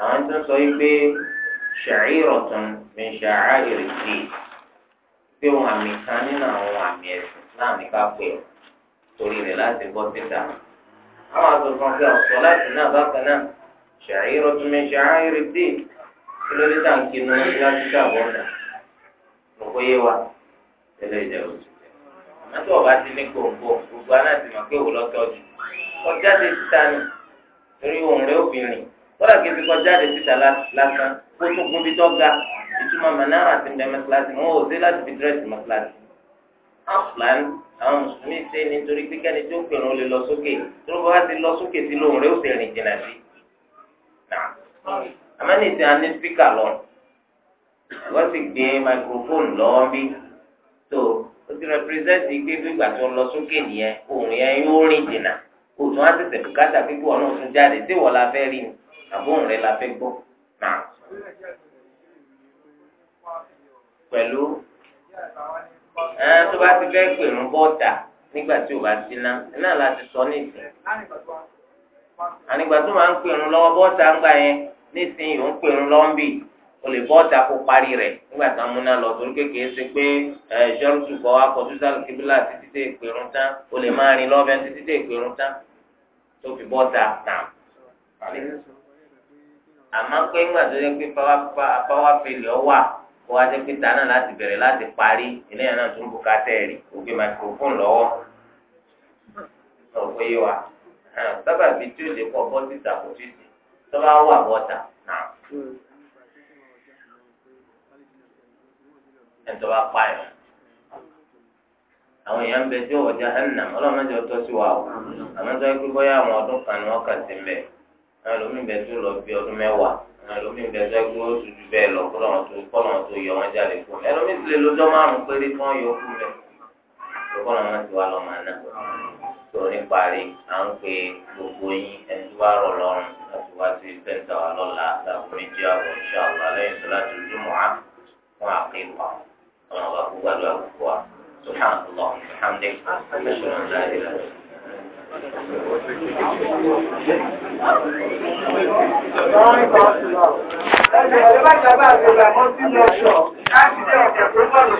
A: àwọn tó ń sọ yìí pé sha'iratun min sha'a'ir ad-din pé ohun àmì kan nínú àwọn àmì ẹ̀sìn náà ká pè ọ́ torí rẹ̀ láti bọ́ síta. àwọn ọ̀sọ́ láti náà bákan náà kí ló dé tàǹkì náà láti mo kó yé wa àti ọba ti ní gbòǹgbò gbogbo aná ti mọ̀ pé wò lọ́tọ́jú kọjá de síta ni torí òun rẹ obìnrin kọ́dà kí n ti kọjá de síta lásán kó tún kún bí tọ́ga ìtumọ̀ manara àti mẹ́mẹ́sílásì wọn ò sí láti fi dírẹ́sì mọ́sílásì. aflan àwọn mùsùlùmí ṣe nítorí pé kẹ́ni tó pèrò lè lọ sókè tó bá ti lọ sókè sí lóun rẹ ó sì rìn jìnnà sí. àmọ́ ní ìsìn àní spíkà lọ wọ́n sì gbé microphone lọ́wọ́ bí tó. ti rẹpírẹsẹ̀ntì pé gbígbà tó lọ sókè nìyẹn òòrùn yẹn yóò rìn dènà kò tún á tètè bùkátà pípé ọ̀nà jáde tí wọ́n la fẹ́ rí ni àbóhùn rẹ̀ la fẹ́ gbọ́ náà. pẹ̀lú tó bá ti fẹ́ nígbà tí bá ná sọ tó máa ń ń gbà yẹn nísìnyí ò ń lọ́ńbì. o lè bọ́ ọ̀dà kó parí rẹ̀ nígbà tí wọ́n múná lọ torí pé kìí ṣe pé ṣọ́ọ̀tù kọ́ wa kọ́ sísá kíbílà títí tẹ̀ ìpèrún tán o lè máa rìn lọ́bẹ̀ títí tẹ̀ ìpèrún tán tó fi bọ́ ọ̀dà tàn. àmọ́ pé nígbà tó yẹ pé power failure wà kó wá jẹ́ pé ta náà láti bẹ̀rẹ̀ láti parí eléyàn náà tún bùkà tẹ́ẹ̀rì òkè microphone lọ́wọ́ ọ̀pẹ́ yìí wa sábàbí tí ó lè kọ́ bọ́ ẹ̀ńtọ́ bá pààyàn àwọn èèyàn bẹ tí ọjà hànà ọlọ́run mẹ́jọ tọ́ sí wa o àmọ́ sọ pé bóyá àwọn ọdún kan ni wọ́n kà sí mbẹ́ àwọn ẹlòmíín bẹ tó lọ bí ọdún mẹ́wàá àwọn ẹlòmíín bẹ tó ẹgbẹ́ ó tutù bẹ́ẹ̀ lọ kó lọ́wọ́ tó kọ́ lọ́wọ́ tó yọ wọn jáde fún mi ẹlòmíín ti lè lọ́jọ́ márùn péré kí wọ́n yọ kú mẹ́ tó kọ́ lọ́wọ́ ti wá lọ́mọ àná tó níparí à ń pe gbogbo yín ẹni tó bá rọ̀ lọ́rùn láti wá sí pẹ́ńtà wa lọ́la láàbù méjì àbọ̀ ìṣàlọ́ ọ̀nà ọba kú gbàdúrà gbogbo wa sùhàn lọ hàmdé ẹ̀ṣọ́ ńlá